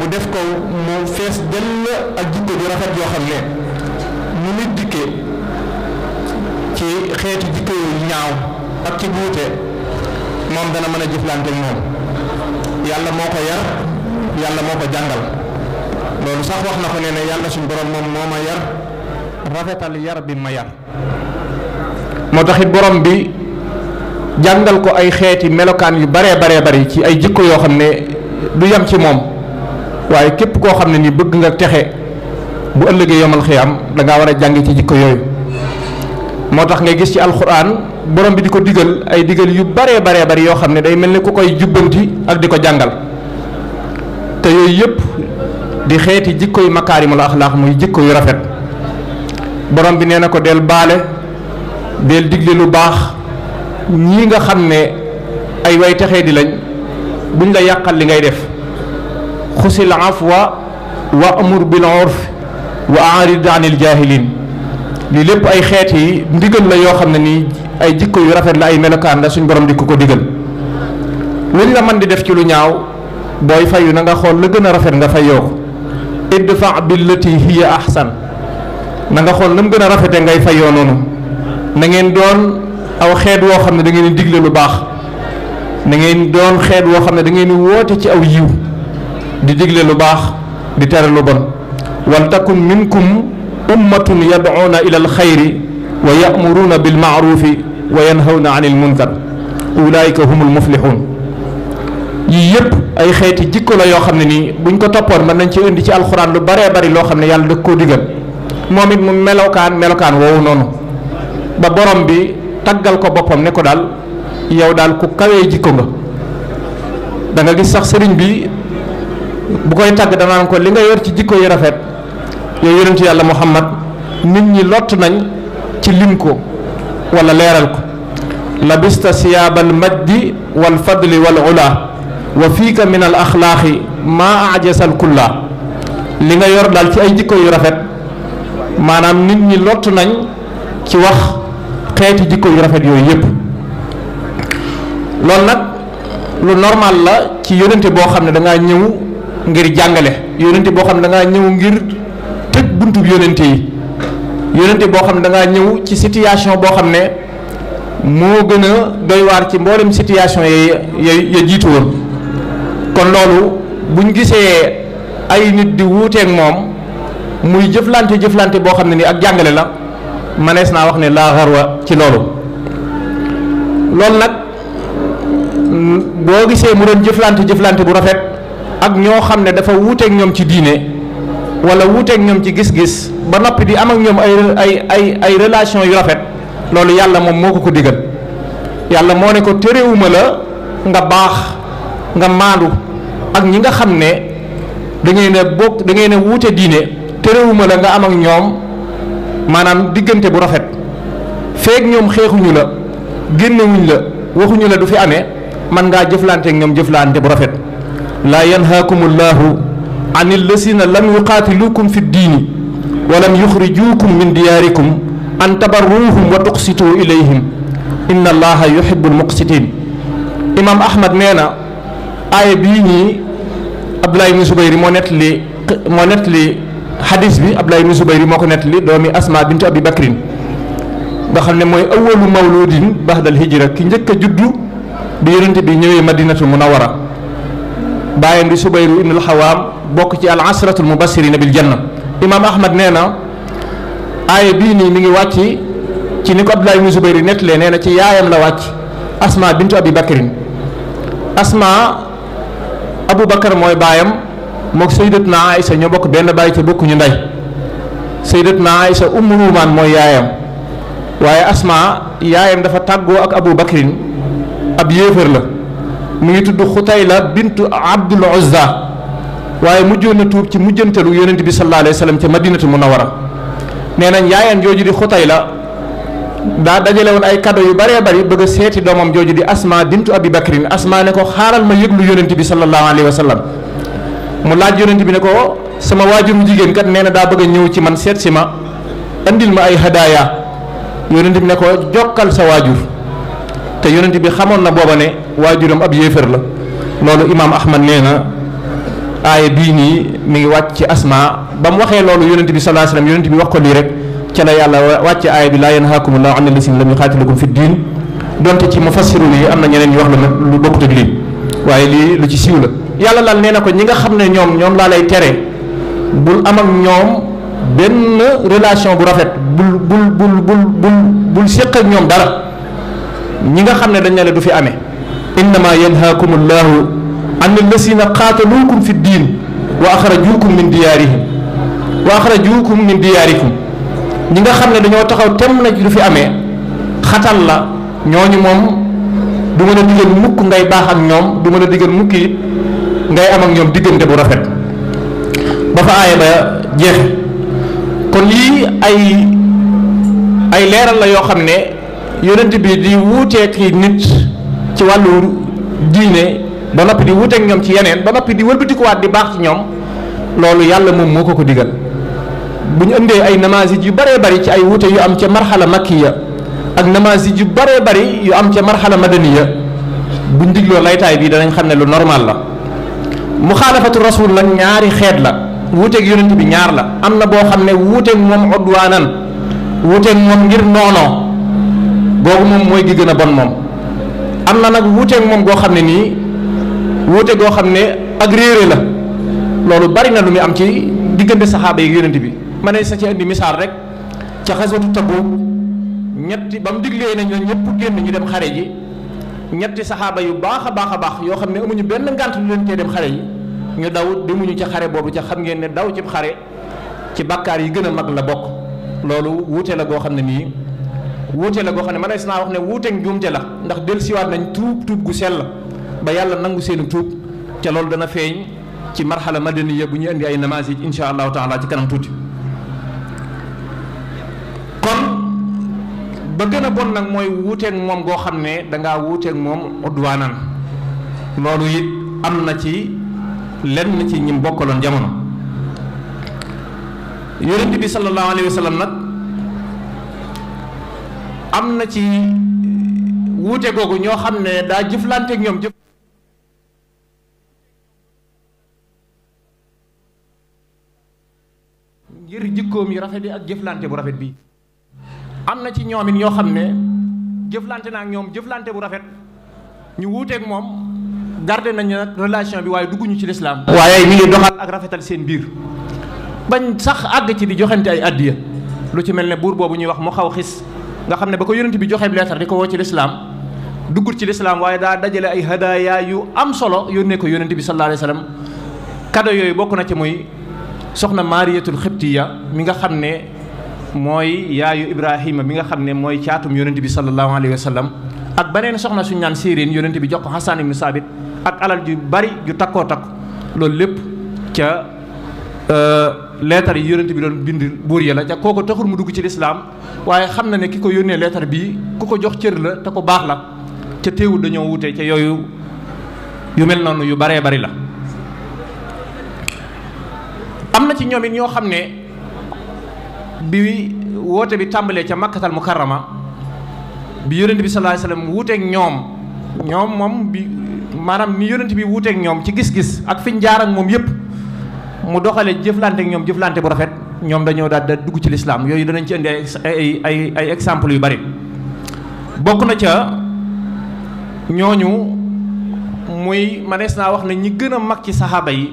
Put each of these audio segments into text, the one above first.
mu def ko mu fees dell ak jikko ju rafet yoo xam ne ñu nit dikkee ci xeeti jikko yu ñaaw ak ci buute moom dana mën a jëflante moom yàlla moo ko yar yàlla moo ko jàngal loolu sax wax na ko nee ne yàlla suñu borom moom moo ma yar rafetal yar bi ma yar moo taxit borom bi jàngal ko ay xeeti melokaan yu baree baree bari ci ay jikko yoo xam ne du yam ci moom waaye képp koo xam ne ni bëgg nga texe bu ëllëgee yomal xiyaam da ngaa war a jàng ci jikko yooyu moo tax nga gis ci alxuraan borom bi di ko digal ay digal yu baree baree bari yoo xam ne day mel ni ku koy jubbanti ak di ko jàngal te yooyu yëpp di xeeti jikko yu makaarimul axlaax muy jikko yu rafet borom bi nee na ko del baale del digle lu baax ñii nga xam ne ay way texe di lañ buñ la yàqal li ngay def xusil afwa wa amur bil urf wa aarid anil jaahiliin lii lépp ay xeet yi ndigal la yoo xam ne nii ay jikko yu rafet la ay melokaan la suñ borom di ko ko digal luñ la mën di def ci lu ñaaw booy fayu na nga xool la gën a rafet nga fayoo ko idfa billati hiya ahsan na nga xool na mu gën a rafete ngay fayoo noonu na ngeen doon aw xeet woo xam ne da ngeen digle lu baax na ngeen doon xeet woo xam ne da ngeen woote ci aw yiw di digle lu baax di tere lu bon wal takun minkum ummatun yad'una ila alxayri wa ya'muruna bil ma'rufi wa yanhawna anil munkar ulaika humul muflihun yii yëpp ay xeeti jikko la yoo xam ne nii buñ ko toppoon mën nañ ci indi ci alxuraan lu baree bari loo xam ne yàlla da koo digal moom it mu melokaan melokaan woowu noonu ba borom bi taggal ko boppam ne ko daal yow daal ku kawee jikko nga da gis sax sëriñ bi bu koy tàgg danaan ko li nga yor ci jikko yu rafet yow yonentu yàlla muhammad nit ñi lott nañ ci lim ko leeral ko labista siyaabal majdi wal fadli wal ula wa fiika min al axlaaqi maa ajasal kulla li nga yor daal ci ay jikko yu rafet maanaam nit ñi lott nañ ci wax xeeti jikko yu rafet yooyu yépp loolu nag lu normal la ci yonente boo xam ne dangaa ñëw ngir jàngale yónente boo xam ne da ngaa ñëw ngir tëj buntub yónente yi yónente boo xam ne da ñëw ci situation boo xam ne moo gën a doy waar ci mboolem situation ya ya ya jiitu woon kon loolu buñ gisee ay nit di wuuteeg moom muy jëflante jëflante boo xam ne ni ak jàngale la manees naa wax ne laa xarwa ci loolu loolu nag boo gisee mu doon jëflante jëflante bu rafet ak ñoo xam ne dafa wuuteeg ñoom ci diine wala wuuteeg ñoom ci gis-gis ba noppi di am ak ñoom ay ay ay ay relation yu rafet loolu yàlla moom moo ko ko digal yàlla moo ne ko terewuma la nga baax nga maandu ak ñi nga xam ne da ngay ne bokk da ngay ne wuute diine terewuma la nga am ñoom maanaam diggante bu rafet feeg ñoom xeexuñu la génnewuñ la waxuñu la du fi amee man ngaa jëflante ak ñoom jëflante bu rafet laa yanhaakum allahu an allasina lam yuqaatilukum fi ddiini wa lam yuxrijuukum min diyaarikum an tabarruuhum wa tuqsituu ilayhim inna allaha yuhibbu almuqsitiin imaam ahmad nee na aaya bii ñii abdulaay ibnu subayri moo nettali moo nettali xadis bi abdulaay ibnu subayri moo ko nettali doomi asma bintu abi bakrin nga xam ne mooy awalu mawludin baxdal hijra ki njëkk a juddu bi yonente bi ñëwee madinatul munawara bàyyam di subayru ibnul xawaam bokk ci al asratul mubassirina bil janna imaam ahmad nee na aaya bii nii mi ngi wàcc ci ni ko abdullah ibnu subayru nettalee nee na ci yaayam la wàcc asma bintu abi bakrin asma abu bakar mooy baayam mook sayyidatuna aïsa ñoo bokk benn bàyyi te bokkuñu ndey sayyidatuna aïsa ummu ruumaan mooy yaayam waaye asma yaayam dafa tàggoo ak abu bakrin ab yéefar la mu ngi tudd Xutayla bintu Abdul Uzza waaye mujjoon na tuub ci mujjantalu yonent bi sallallahu alayhi wa sallam ca madinatu munawara nee nañ yaayam jooju di la daa dajale woon ay kado yu baree bari bëgg seeti doomam jooju di Asma bintu Abi Bakrin Asma ne ko xaaral ma yëglu yonent bi sallallahu alayhi wa sallam mu laaj yonent bi ne ko sama waajur mu jigéen kat nee na daa bëgg ñëw ci man seet si ma andil ma ay hadaaya yonent bi ne ko jokkal sa waajur. te yonent bi xamoon na booba ne waajuram ab yéefar la loolu imaam ahmad nee na aaya bii nii mi ngi wàcc ci asma ba mu waxee loolu yonent bi salaa salaam yonent bi wax ko lii rek ca la yàlla wàcc aaya bi laa yanhaakumu llaahu ani llaziina lam yuqaatilukum fi ddiin donte ci mufassiruun yi am na ñeneen ñu wax lu lu bokkut ak lii waaye lii lu ci siiw la yàlla laal nee na ko ñi nga xam ne ñoom ñoom laa lay tere bul am ak ñoom benn relation bu rafet bul bul bul bul bul bul ñoom dara ñi nga xam ne dañ ne la du fi amee innama yanhaakum allahu an allasina qaataluukum fi diin wa axrajuukum min diyaarihim wa axrajuukum min diyaarikum ñi nga xam ne dañoo taxaw tem na du fi amee xatal la ñoo ñooñu moom du mën a mukk ngay baax ak ñoom du mën a mukk yi ngay am ak ñoom diggante bu rafet ba fa aaya ba jeexe kon lii ay ay leeral la yoo xam ne yonent bi di wuuteek nit ci wàllu diine ba noppi di wuuteek ñoom ci yeneen ba noppi di wëlbatikuwaat di baax ci ñoom loolu yàlla moom moo ko ko digal bu ñu ëndee ay namasit yu bëree bari ci ay wuute yu am ca marxala makkiya ak namasit yu bëree bëri yu am ca marxala madaniya bu ñu digloo laytaay bii danañ xam ne lu normal la muxaalafatu rasul nag ñaari xeet la wuuteeg yonent bi ñaar la am na boo xam ne wuuteeg moom odwaanan wuuteeg moom ngir noonoo boobu moom mooy gi gën a bon moom am na nag wuuteeg moom goo xam ne nii wuute goo xam ne ak réere la loolu bari na lu muy am ci diggante saxaaba yi yonent bi ma ne sa ci indi misaal rek ca xasatu Tabuk ñetti ba mu diglee nañ la ñëpp génn ñu dem xare ji ñetti saxaaba yu baax a baax a baax yoo xam ne ñu benn ngànt lu leen tee dem xare yi ñu daw demuñu ci xare boobu ca xam ngeen ne daw ci xare ci bàkkaar yi gën a mag la bokk loolu wuute la goo xam ne nii wuute la goo xam ne mënees naa wax ne wuuteeg njuumte la ndax dellusiwaat nañ tuub tuub gu la ba yàlla nangu seenu tuub ca loolu dana feeñ ci marxala madaniya bu ñu indi ay namaasi insha allahu taala ci kanam tuuti kon ba gën a bon nag mooy wuuteeg moom goo xam ne dangaa wuuteeg moom udwaanan loolu yi am na ci lenn ci ñim bokkaloon jamono yonent bi sallallahu alayhi wa nag am na ci eh, wuute googu ñoo xam ne daa jëflanteeg ñoom jëf ngir jikkoom yi rafet yi ak jëflante bu rafet bi am na ci ñoom ñoo xam ne jëflante naa ak ñoom jëflante bu rafet ñu wuuteeg moom garde nañu nag relation bi waaye dugguñu ci lislaam waaye mi ngi doxal ak rafetal seen biir bañ sax àgg ci di joxante ay addiya lu ci mel ne buur boobu ñuy wax mu xaw xis nga xam ne ba ko yonent bi joxeeb leetar di ko woo ci lislaam duggut ci lislaam waaye daa dajale ay hadaaya yu am solo yónnee ko yonent bi sallallahu alayhi wa sallam yooyu bokk na ci mooy soxna maariyatul xibtiya mi nga xam ne mooy yaayu ibrahima mi nga xam ne mooy caatum yonent bi sallallahu alayhi wa sallam ak beneen soxna suñu naan Siriin yonent bi jox ko Hassan ibnu Saabit ak alal ju bari ju takkoo takk loolu lépp ca Euh, leetar yi yonent bi doon bind buur ya la ca kooko taxul mu dugg ci lislaam waaye xam na ne ki ko yónnee leetar bii ku ko jox cër la te ko baax la ca téewul dañoo wutee ca yooyu yu mel noonu yu baree bari la am na ci ñoom it ñoo xam ne bi woote bi tàmbalee ca makkatal mukarrama bi yonent bi sallallahu alayhi wasallam wuuteeg ñoom ñoom moom bi maanaam ni yonent bi wuuteeg ñoom ci gis-gis ak fiñ jaar moom yépp mu doxalee jëflante ñoom jëflante bu rafet ñoom dañoo daal da dugg ci lislaam yooyu danañ ci indi ay ay ay exemple yu bari bokk na ca ñooñu muy manees naa wax ne ñi gën a mag ci saxaaba yi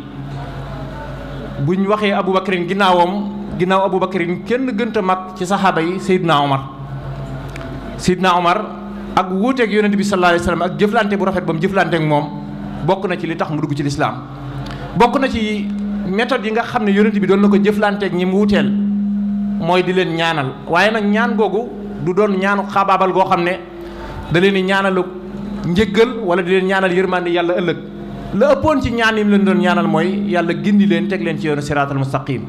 buñ waxee Aboubacarin ginnaawam ginnaaw Aboubacarin kenn gënta mag ci saxaaba yi Seydina Omar Seydina Omar ak wuuteeg yonent bi sallallahu alayhi wasallam ak jëflante bu rafet ba mu jëflante moom bokk na ci li tax mu dugg ci lislaam bokk na ci méthode yi nga xam ne yonent bi doon na ko jëflanteeg ñi mu wuteel mooy di leen ñaanal waaye nag ñaan googu du doon ñaanu xaabaabal goo xam ne da leen di ñaanalu njëggal wala di leen ñaanal yërmande yàlla ëllëg la ëppoon ci ñaan yi mu leen doon ñaanal mooy yàlla gindi leen teg leen ci yoonu siraatal mustaqim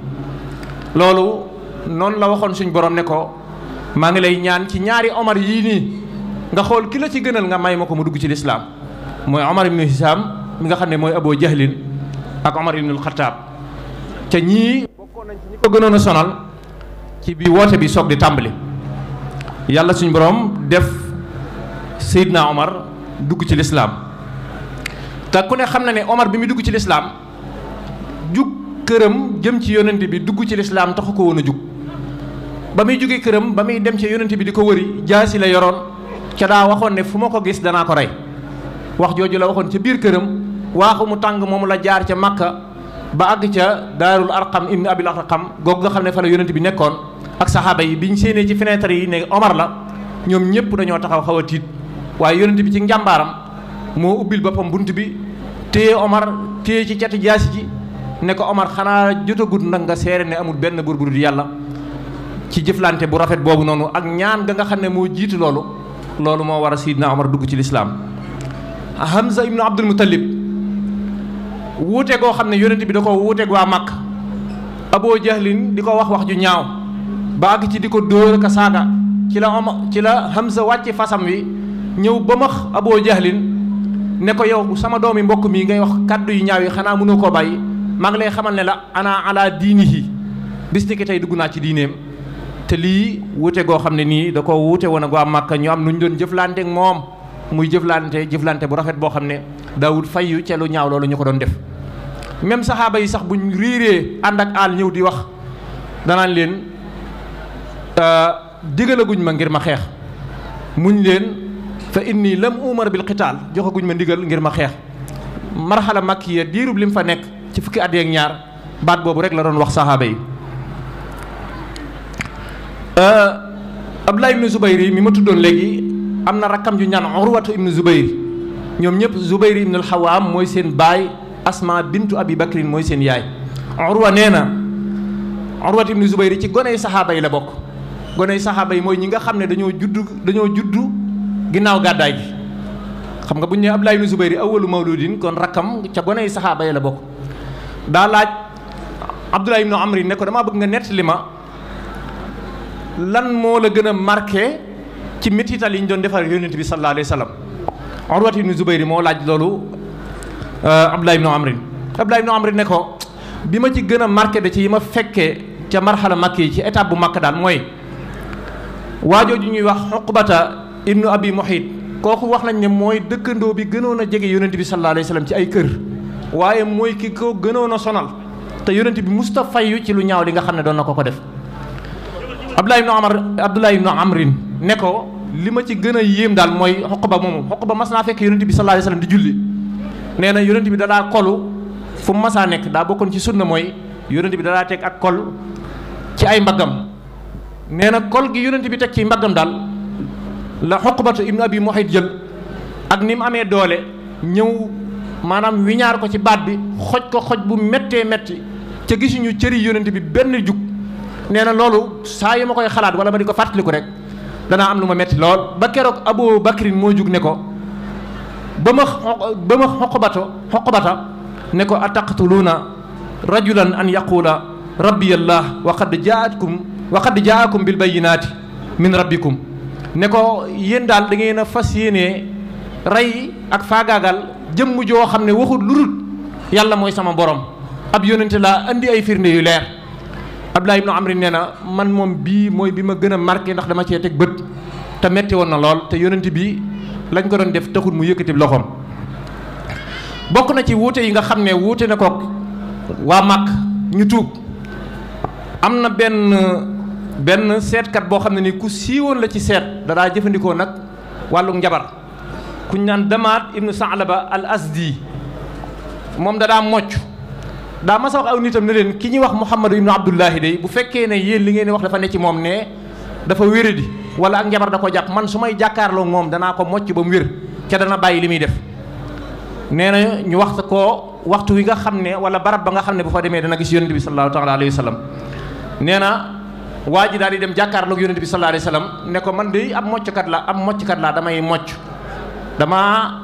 loolu noonu la waxoon suñ borom ne ko maa ngi lay ñaan ci ñaari omar yii nii nga xool ki la ci gënal nga may ma ko mu dugg ci lislaam mooy omar ibnu hisaam mi nga xam ne mooy aboo jahlin ak omar ibnul xataab te ñii bokkoon nañ ci ñi a sonal ci biir woote bi soog di tàmbali yàlla suñu boroom def naa Omar dugg ci lislaam te ku ne xam na ne Omar bi muy dugg ci lislaam jug këram jëm ci yonent bi dugg ci lislaam taxu ko woon a jug ba muy jóge këram ba muy dem ci yonent bi di ko wëri jaasi la yoroon ca daa waxoon ne fu ma ko gis danaa ko rey wax jooju la waxoon ca biir këram waaxu mu tàng moom la jaar ca Makka ba àgg ca daarul arqam ibn abil arqam googu nga xam ne fa la yonent bi nekkoon ak saxaaba yi bi ñu séenee ci fenêtre yi ne Omar la ñoom ñëpp dañoo taxaw xaw a tiit waaye yonent bi ci njàmbaaram moo ubbil boppam bunt bi téye Omar téye ci cati ji ne ko Omar xanaa jotagut nag nga seere ne amul benn buur bu yàlla ci jëflante bu rafet boobu noonu ak ñaan ga nga xam ne moo jiitu loolu loolu moo war a Sidna Omar dugg ci lislaam Hamza ibnu Abdul wuute goo xam ne yonent bi da ko wuuteeg waa màkk aboo jahlin di ko wax wax ju ñaaw baag ci di ko dóor ka saaga ci la om ci la xam sa wàcc fasam wi ñëw ba max aboo jahlin ne ko yow sama doom yi mbokk mi ngay wax kàddu yu ñaaw yi xanaa mënu koo bàyyi mag lay xamal ne la ana ala diinihi bis ni ki tey dugg naa ci diineem te lii wuute goo xam ne nii da ko wuute woon ak waa màkk ñu am nu ñu doon jëflanteeg moom muy jëflante jëflante bu rafet boo xam ne daawul fayyu ca lu ñaaw loolu ñu ko doon def même saxaaba yi sax bu ñu riiree ànd ak àll ñëw di wax danaan leen euh, digalaguñ ma ngir ma xeex muñ leen fa inni lam umar bil xitaal joxaguñ ma ndigal ngir ma xeex marxala makkiya diirub lim fa nekk ci fukki at yeeg ñaar baat boobu rek la doon wax saxaaba yi euh, Abdullah ibn Zubayr yi mi ma tuddoon léegi am na rakkam yu ñaan urwatu ibnu zubayr ñoom ñëpp zubayr ibnu alxawaam mooy seen baay asma bintu abi bakrin mooy seen yaay urwa nee na urwatu ibnu zubayr ci goney saxaaba yi la bokk goney saxaaba yi mooy ñi nga xam ne dañoo juddu dañoo juddu ginnaaw gàddaay gi xam nga bu ñu nee abdulaay ibnu zubayr awalu mawludin kon rakkam ca goney saxaaba yi la bokk daa laaj abdulaay ibnu amri ne ko damaa bëgg nga nettali ma lan moo la gën a marke ci métital yi ñu doon defar yonent bi sallallahu alayhi wa sallam Urwat ibn moo laaj loolu euh, Abdullah ibn Amrin Abdullah ibn Amrin ne ko bi ma ci gën a marqué da ci yi ma fekkee ca marxala makk yi ci étape bu makk daal mooy waajooju ñuy wax Uqbata ibnu Abi Muhit kooku wax nañ ne mooy dëkkandoo bi gënoon a jege yonent bi sallallahu alayhi wa ci ay kër waaye mooy ki ko gënoon a sonal te yonent bi musta fayu ci lu ñaaw li nga xam ne doon na ko ko def Abdullah ibnu Amr Abdullah ibnu Amrin ne ko li ma ci gën a yéem daal mooy Uqba moomu ba mas naa fekk yonent bi sallallahu alayhi wasallam di julli nee na yonent bi dalaa kolu fu mu masaa nekk daa bokkoon ci sunna mooy yonent bi dalaa teg ak kol ci ay mbaggam nee na kol gi yonent bi teg ci mbaggam daal la Uqbatu ibnu Abi Muhayt jël ak ni mu amee doole ñëw maanaam wiñaar ko ci baat bi xoj ko xoj bu méttee métti ca gisuñu cëri yonent bi benn jug nee na loolu saa yu ma koy xalaat wala ma di ko fàttaliku rek danaa am lu ma metti lool ba keroog Abu Bakrin moo jug ne ko ba ma ba ma xoqbato xoqbata ne ko ataqtuluuna rajulan an yaqula rabbi allah wa qad jaatkum wa qad jaakum bil bayinaati min rabbikum ne ko yéen daal da a fas yéenee rey ak faagaagal jëm joo xam ne waxul lu dul yàlla mooy sama borom ab yónnente laa indi ay firnde yu leer Abdoulaye ibnu Amri nee na man moom bii mooy bi ma gën a marqué ndax dama cee teg bët te metti woon na lool te yonent bi lañ ko doon def taxul mu yëkkati loxoom. bokk na ci wuute yi nga xam ne wuute na kook waa màkk ñu tuub am na benn benn seetkat boo xam ne ni ku siiwoon la ci seet dadaa jëfandikoo nag wàllu njabar kuñ naan damaat ibnu Saalaba al asdi moom dadaa mocc daa mas a wax aw nitam ne leen ki ñuy wax Muhammadu ibnu Abdullahi day bu fekkee ne yéen li ngeen di wax dafa ne ci moom ne dafa wéradi wala ak njabar da ko jàpp man su may jàkkaarloo moom danaa ko mocc ba mu wér ca dana bàyyi li muy def nee na ñu wax ko waxtu wi nga xam ne wala barab ba nga xam ne bu fa demee dana gis yonente bi sallallahu taala alayhi wa sallam nee na waa ji daal di dem jàkkaarloog yonente bi sallallahu alayhi ne ko man de ab mocckat la am mocckat la damay mocc damaa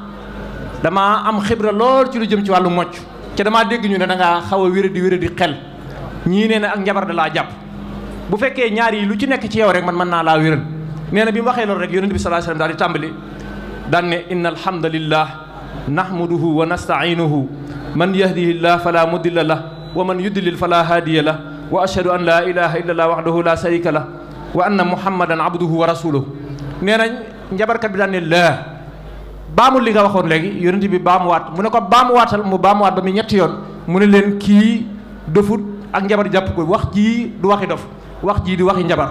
damaa am xibra lool ci lu jëm ci wàllu mocc ca damaa dégg ñu ne da ngaa xaw a wéradi wéradi xel ñii nee na ak njabar da laa jàpp bu fekkee ñaari yi lu ci nekk ci yow rek man mën naa laa wéral nee na bi waxee loolu rek yonent bi sallallahu alayhi wasallam daal di tàmbali daan ne inna alhamdulillah nahmaduhu wa nasta'inuhu man yahdihillah fala mudilla lah wa man yudlil fa hadiya lah wa ashhadu an la ilaha illa allah wahdahu la sharika lah wa anna muhammadan abduhu wa rasuluhu nee na njabarkat bi daan ne laa baamul li nga waxoon léegi yonent bi baamuwaat mu ne ko baamuwaatal mu baamuwaat ba muy ñetti yoon mu ne leen kii dofut ak njabar jàpp ko wax jii du waxi dof wax jii di waxi njabar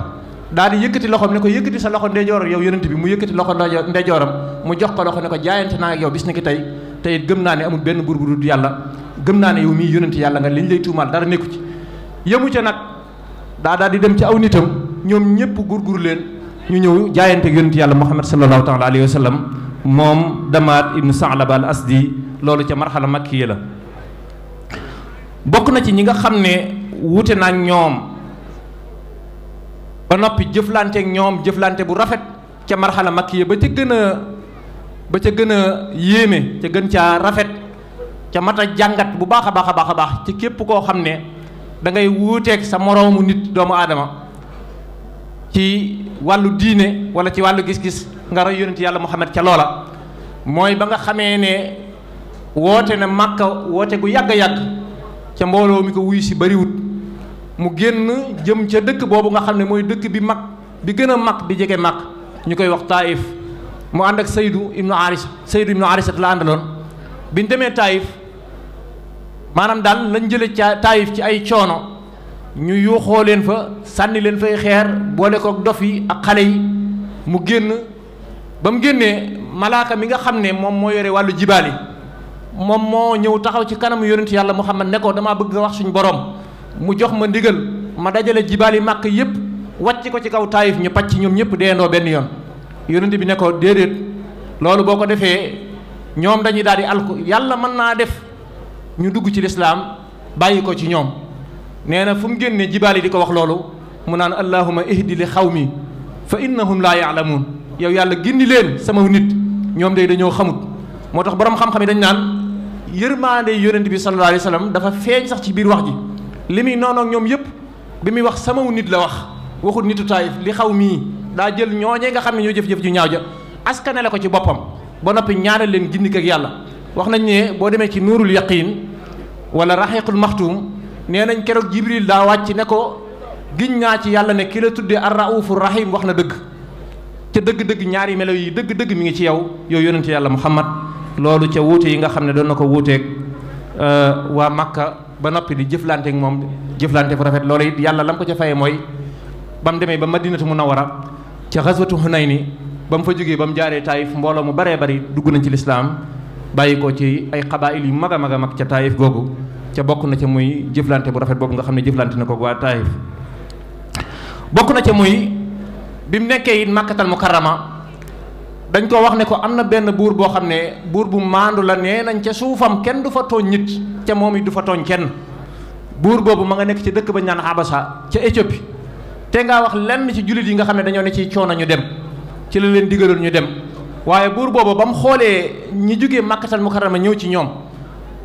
daal di yëkkati loxoom ne ko yëkkati sa loxo ndeyjoor yow yonent bi mu yëkkati loxo ndeyjooram mu jox ko loxo ne ko jaayante naa ak yow bis ni ki tey tey gëm naa ne amul benn buur bu yàlla gëm naa ne yow mii yonent yàlla nga liñ lay tuumaal dara nekku ci yëmu ca nag daa daal di dem ci aw nitam ñoom ñëpp gurgur leen ñu ñëw jaayante ak yonent yàlla Muhammad sallallahu taala alayhi wa sallam moom damaat ibnu saalaba al asdi loolu ca marxala makkiya la bokk na ci ñi nga xam ne wuute naa ñoom ba noppi jëflanteek ñoom jëflante bu rafet ca marxala yi ba ca gën a ba ca gën a yéeme ca gën caa rafet ca mat a jàngat bu baax a baax a baax a baax ci képp koo xam ne da ngay wuuteeg sa moroomu nit doomu aadama ci wàllu diine wala ci wàllu gis-gis nga roy yonent yàlla Muhammad ca loola mooy ba nga xamee ne woote na màkk woote gu yàgg-yàgg ca mbooloo mi ko wuyu si bariwut mu génn jëm ca dëkk boobu nga xam ne mooy dëkk bi mag bi gën a mag bi jege mag ñu koy wax Taif mu ànd ak Saydu ibnu Aris Saydu ibnu Aris la àndaloon bi ñu demee Taif maanaam daal lañ jële ca Taif ci ay coono ñu yuuxoo leen fa sànni leen fay xeer boole kook dof yi ak xale yi mu génn ba mu génnee malaaka mi nga xam ne moom moo yore wàllu jibaal yi moom moo ñëw taxaw ci kanamu yonent yàlla xam ne nekkoo damaa bëgg nga wax suñu borom mu jox ma ndigal ma dajale jibaal yi màkk yépp wàcc ko ci kaw taayif ñu pàcc ñoom ñëpp deendoo benn yoon yonent bi nekkoo ko déedéet loolu boo ko defee ñoom dañuy daal di alku yàlla mën naa def ñu dugg ci lislaam bàyyi ko ci ñoom nee na fu mu génnee jibaal yi di ko wax loolu mu naan allahuma ihdi li xaw mi fa innahum laa yaalamuun yow yàlla gindi leen sama nit ñoom day dañoo xamut moo tax borom xam-xam yi dañ naan yërmaande yonent bi sallallahu alayhi wa sallam dafa feeñ sax ci biir wax ji li muy noonu ñoom yëpp bi muy wax sama nit la wax waxut nitu taayif li xaw mii daa jël ñooñee nga xam ne ñoo jëf-jëf ju ñaaw ja askanale ko ci boppam ba noppi ñaanal leen gindi yàlla wax nañ ne boo demee ci nuurul yaqiin wala nee nañ keroog jibril daa wàcc ne ko giñ naa ci yàlla ne ki la tuddee ar raufur rahim wax na dëgg ca dëgg-dëgg ñaari melo yi dëgg-dëgg mi ngi ci yow yooyu yonente yàlla muhammad loolu ca wuute yi nga xam ne doon na ko wuuteeg euh, waa makka ba noppi di jëflanteek moom jëflante fu rafet loolu it yàlla lam ko ca faye mooy ba mu demee ba mun madinatu munawara ca xaswatu hunayni ba mu fa jógee ba mu jaaree taayif mbooloo mu baree bari dugg nañ ci lislaam bàyyi ko ci ay xabaayil yu mag a mag mag ca taayif ca bokk na ca muy jëflante bu rafet boobu nga xam ne jëflante na ko waa Taayif bokk na ca muy bi mu nekkee it màkkatal mu karama dañ ko wax ne ko am na benn buur boo xam ne buur bu maandu la nee nañ ca suufam kenn du fa tooñ nit ca moom it du fa tooñ kenn buur boobu ma nga nekk ci dëkk ba ñaan Abasa ca Éthiopie te ngaa wax lenn ci jullit yi nga xam ne dañoo ne ci coono ñu dem ci la leen digaloon ñu dem waaye buur boobu ba mu xoolee ñi jógee màkkatal mu karama ñëw ci ñoom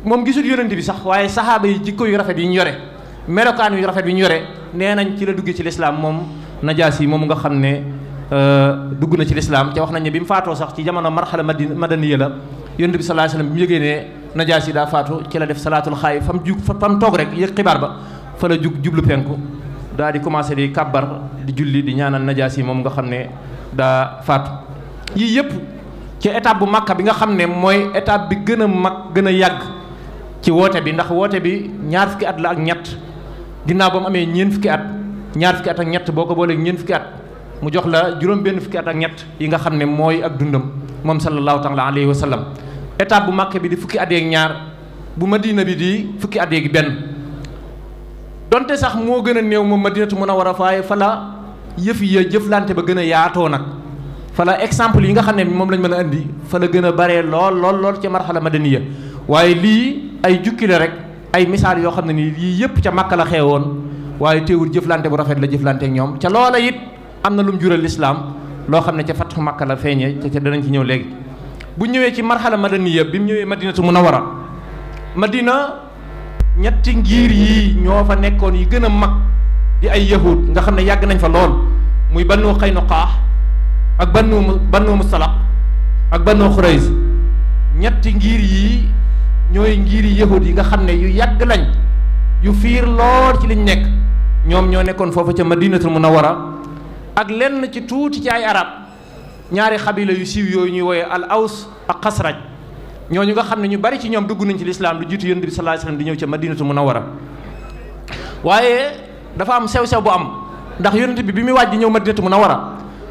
moom gisul yonent bi sax waaye saxaaba yi jikko yu rafet yi ñu yore melokaan yu rafet yi ñu yore nee nañ ci la duggee ci lislaam moom najaas yi moom nga xam ne euh, dugg na ci lislaam te wax nañ bi mu faatoo sax ci jamono marxala madaniya la yonent bi sallallahu alayhi wasallam bi mu yëgee ne najaas yi daa faatu ci la def salaatul xaay fa jug fa toog rek yëg xibaar ba fa jug jublu penku daa di commencé di kàbbar di julli di ñaanal najaas yi moom nga xam ne daa faatu yii yëpp ci étape bu makka bi nga xam ne mooy étape bi gën a mag gën a yàgg ci woote bi ndax woote bi ñaar fukki at la ak ñett ginnaaw ba mu amee ñeen fukki at ñaar fukki at ak ñett boo ko boolee ñeent fukki at mu jox la juróom benn fukki at ak ñett yi nga xam ne mooy ak dundam moom sallallahu taala alayhi wa sallam étape bu Makka bi di fukki at ñaar bu Madina bi di fukki at yeeg benn donte sax moo gën a néew moom Madinatu Munawwara faaye fa la yëf ya jëflante ba gën a yaatoo nag fa la exemple yi nga xam ne moom lañ mën a indi fa la gën a bare lool lool lool ca marxala madaniya waaye lii ay jukki la rek ay misaal yoo xam ne nii yii yëpp ca Makka la xewoon waaye teewul jëflante bu rafet la jëflante ak ñoom ca loola it am na lu mu jural lislaam loo xam ne ca fatxu Makka la feeñee ca ca ci ñëw léegi. bu ñëwee ci marxala madaniya bi mu ñëwee madinatu munawara madina ñetti ngiir yi ñoo fa nekkoon yi gën a mag di ay yahud nga xam ne yàgg nañ fa lool muy bannu xaynuqaax ak bannu bannu musalaq ak bannu xurays ñetti ngir yi. ñooy ngiri yahud yi nga xam ne yu yàgg lañ yu fiir lool ci liñ nekk ñoom ñoo nekkoon foofu ca madinatul munawara ak lenn ci tuuti ci ay arab ñaari xabila yu siiw yooyu ñuy woowee al aws ak xasraj ñooñu nga xam ne ñu bari ci ñoom dugg nañ ci lislaam lu jiitu yonent bi sallallahu alayhi wasallam di ñëw ca a munawara waaye dafa am sew-sew bu am ndax yonent bi bi muy wàaj di ñëw a munawara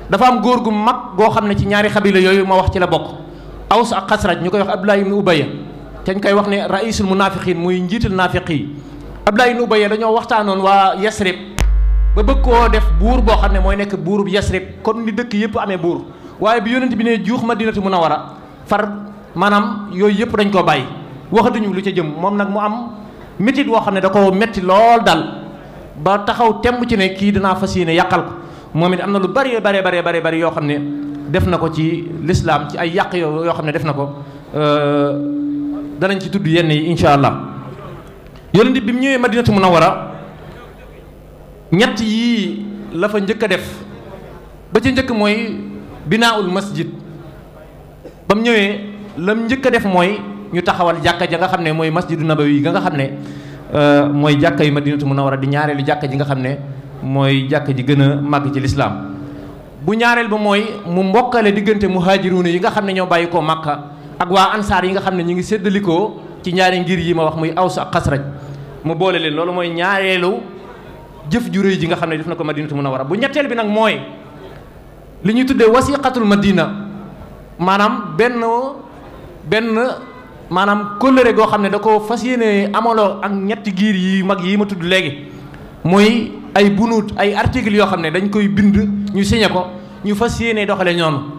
dafa am góor gu mag goo xam ne ci ñaari xabila yooyu ma wax ci la bokk aws ak xasraj ñu koy wax abdullah ibn ubayya dañ koy wax ne raisul munafiqin muy njiital naafiq yi Abdoulaye ibn Ubayy dañoo waxtaanoon waa Yasrib ba bëgg koo def buur boo xam ne mooy nekk buur buurub Yasrib kon li dëkk yëpp ame buur waaye bi yonent bi ne juux Madinatu Munawwara far maanaam yooyu yëpp dañ koo bàyyi waxatuñu lu ca jëm moom nag mu am métit woo xam ne da ko métti lool dal ba taxaw temb ci ne kii danaa fas yéene yàqal ko moom it am na lu bari bari bari bari bari yoo xam ne def na ko ci lislaam ci ay yàq yoo yoo xam ne def na ko danañ ci tudd yenn yi incha allah yonent bi mu ñëwee madinatu munawara ñett yii la fa njëkk a def ba ci njëkk mooy binaaul masjid ba mu ñëwee lam njëkk a def mooy ñu taxawal jàkka ja nga xam ne mooy masjidu nabawi yi nga xam ne euh, mooy jàkka yi madinatu munawara di ñaareelu jàkka ji nga xam ne mooy jàkk ji gën a màgg ci lislaam bu ñaareel ba mooy mu mbokkale diggante muhaajiruuna yi nga xam ne ñoo bàyyi koo màkka ak waa ansaar yi nga xam ne ñu ngi séddalikoo ci ñaari ngir yi ma wax muy aw ak xasraj mu boole leen loolu mooy ñaareelu jëf ju ji nga xam ne def na ko madinatu a bu ñetteel bi nag mooy li ñuy tuddee wasiqatul madina maanaam benn benn maanaam kóllëre goo xam ne da ko fas yéene amaloo ak ñetti giir yi mag yi ma tudd léegi mooy ay bunuut ay article yoo xam ne dañ koy bind ñu signé ko ñu fas yéene doxale ñoom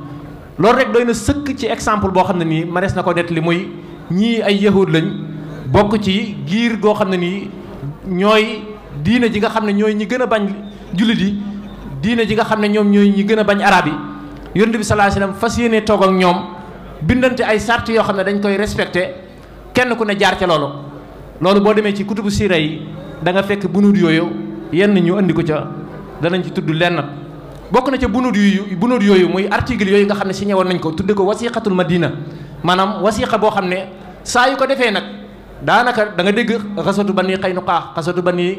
loolu rek doy na sëkk ci exemple boo xam ne nii manees na ko nettali mooy ñii ay yahud lañ bokk ci giir goo xam ne nii ñooy diina ji nga xam ne ñooy ñi gën a bañ jullit yi diine ji nga xam ne ñoom ñooy ñi gën a bañ arab yi yonent bi sallallahu alayhi fas yéene toog ak ñoom bindante ay sart yoo xam ne dañ koy respecté kenn ku ne jaar ca loolu loolu boo demee ci kutubu siira yi da nga fekk bunut yooyu yenn ñu andi ko ca danañ ci tudd lenn. bokk na ca bunut yu bunut yooyu muy article yooyu nga xam ne signé woon nañ ko tudde ko wasiqatul madina maanaam wasiqa boo xam ne saa yu ko defee nag daanaka da nga dégg xasatu bani xaynuqaa xasatu bani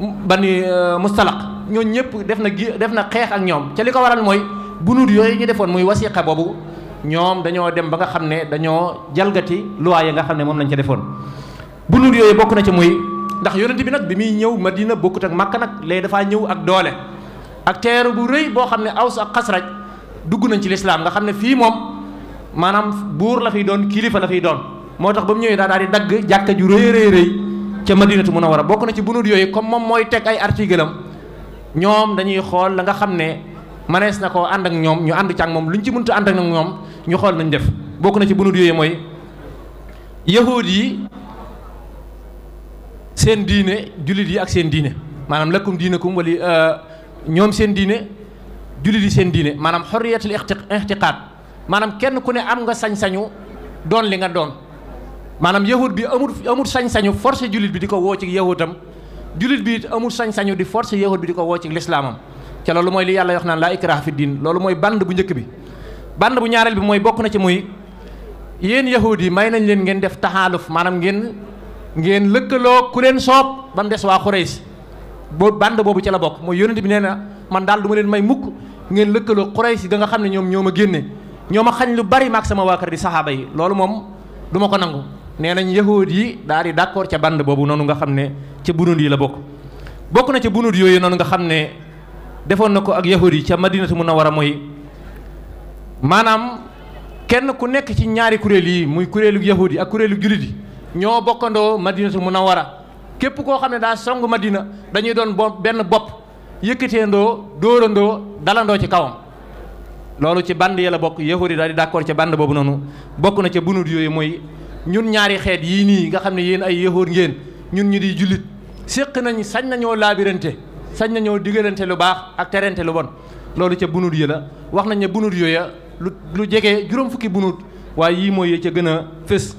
bani euh, mustalaq ñooñu ñëpp def na gi def na xeex ak ñoom ca li ko waral mooy bunut yooyu ñu defoon muy wasiqa boobu ñoom dañoo dem ba nga xam ne dañoo jalgati loi yi nga xam ne moom lañ ca defoon bunut yooyu bokk na ca muy ndax yonent bi nag bi muy ñëw madina bokkut ak màkk nag léegi dafaa ñëw ak doole ak teeru bu rëy boo xam ne aws ak xasraj dugg nañ ci lislaam nga xam ne fii moom maanaam buur la fiy doon kilifa la fiy doon moo tax ba mu ñëwee daa daal di dagg jàkka ju rëy rëy rëy ca madinatu a bokk na ci bunut yooyu comme moom mooy teg ay article ñoom dañuy xool la nga xam ne manees na ko ànd ak ñoom ñu ànd ci ak moom lu ñu ci mënut ànd ak ñoom ñu xool nañ def bokk na ci bunut yooyu mooy yahud yi seen diine jullit yi ak seen diine maanaam lëkkum diine ñoom seen diine jullit yi seen diine maanaam xorriyatul ixtiqaad maanaam kenn ku ne am nga sañ-sañu doon li nga doon maanaam yahud bi amul amul sañ-sañu forcé jullit bi di ko woo ci yahutam jullit bi it amul sañ-sañu di forcé yahud bi di ko woo ci lislaamam ca loolu mooy li yàlla yox naan laa ikraha fi loolu mooy band bu njëkk bi band bu ñaareel bi mooy bokk na ci mooy yéen yahud yi may nañ leen ngeen def taxaaluf maanaam ngeen ngeen lëkkaloo ku leen soob ba des waa Xurays boo bande boobu ci la bokk mooy yonent bi nee na man daal du leen may mukk ngeen lëkkaloo Quraysh ga nga xam ne ñoom ñoo ma génne ñoo ma xañ lu bari ak sama waa kër di saxaaba yi loolu moom duma ko nangu nee nañ yahood yi daal di d'accord ca bande boobu noonu nga xam ne ca bunud yi la bokk bokk na ca bunud yooyu noonu nga xam ne defoon na ko ak yahood yi ca madinatu munawwara mooy maanaam kenn ku nekk ci ñaari kuréel yi muy kuréelu yahood yi kuréelu jullit yi ñoo bokkandoo madinatu munawwara képp koo xam ne daa song dina dañuy doon bo benn bopp yëkkateendoo dóorandoo dalandoo ci kawam loolu ci band ya la bokk yahudi daal di d'accord ca band boobu noonu bokk na ca bunut yooyu mooy ñun ñaari xeet yii nii nga xam ne yéen ay yahud ngéen ñun ñu di jullit séq nañ sañ nañoo laabirante sañ nañoo digalante lu baax ak terente lu bon loolu ca bunut yi la wax nañ ne bunut ya lu lu jege juróom fukki bunut waaye yii mooy ca gën a fës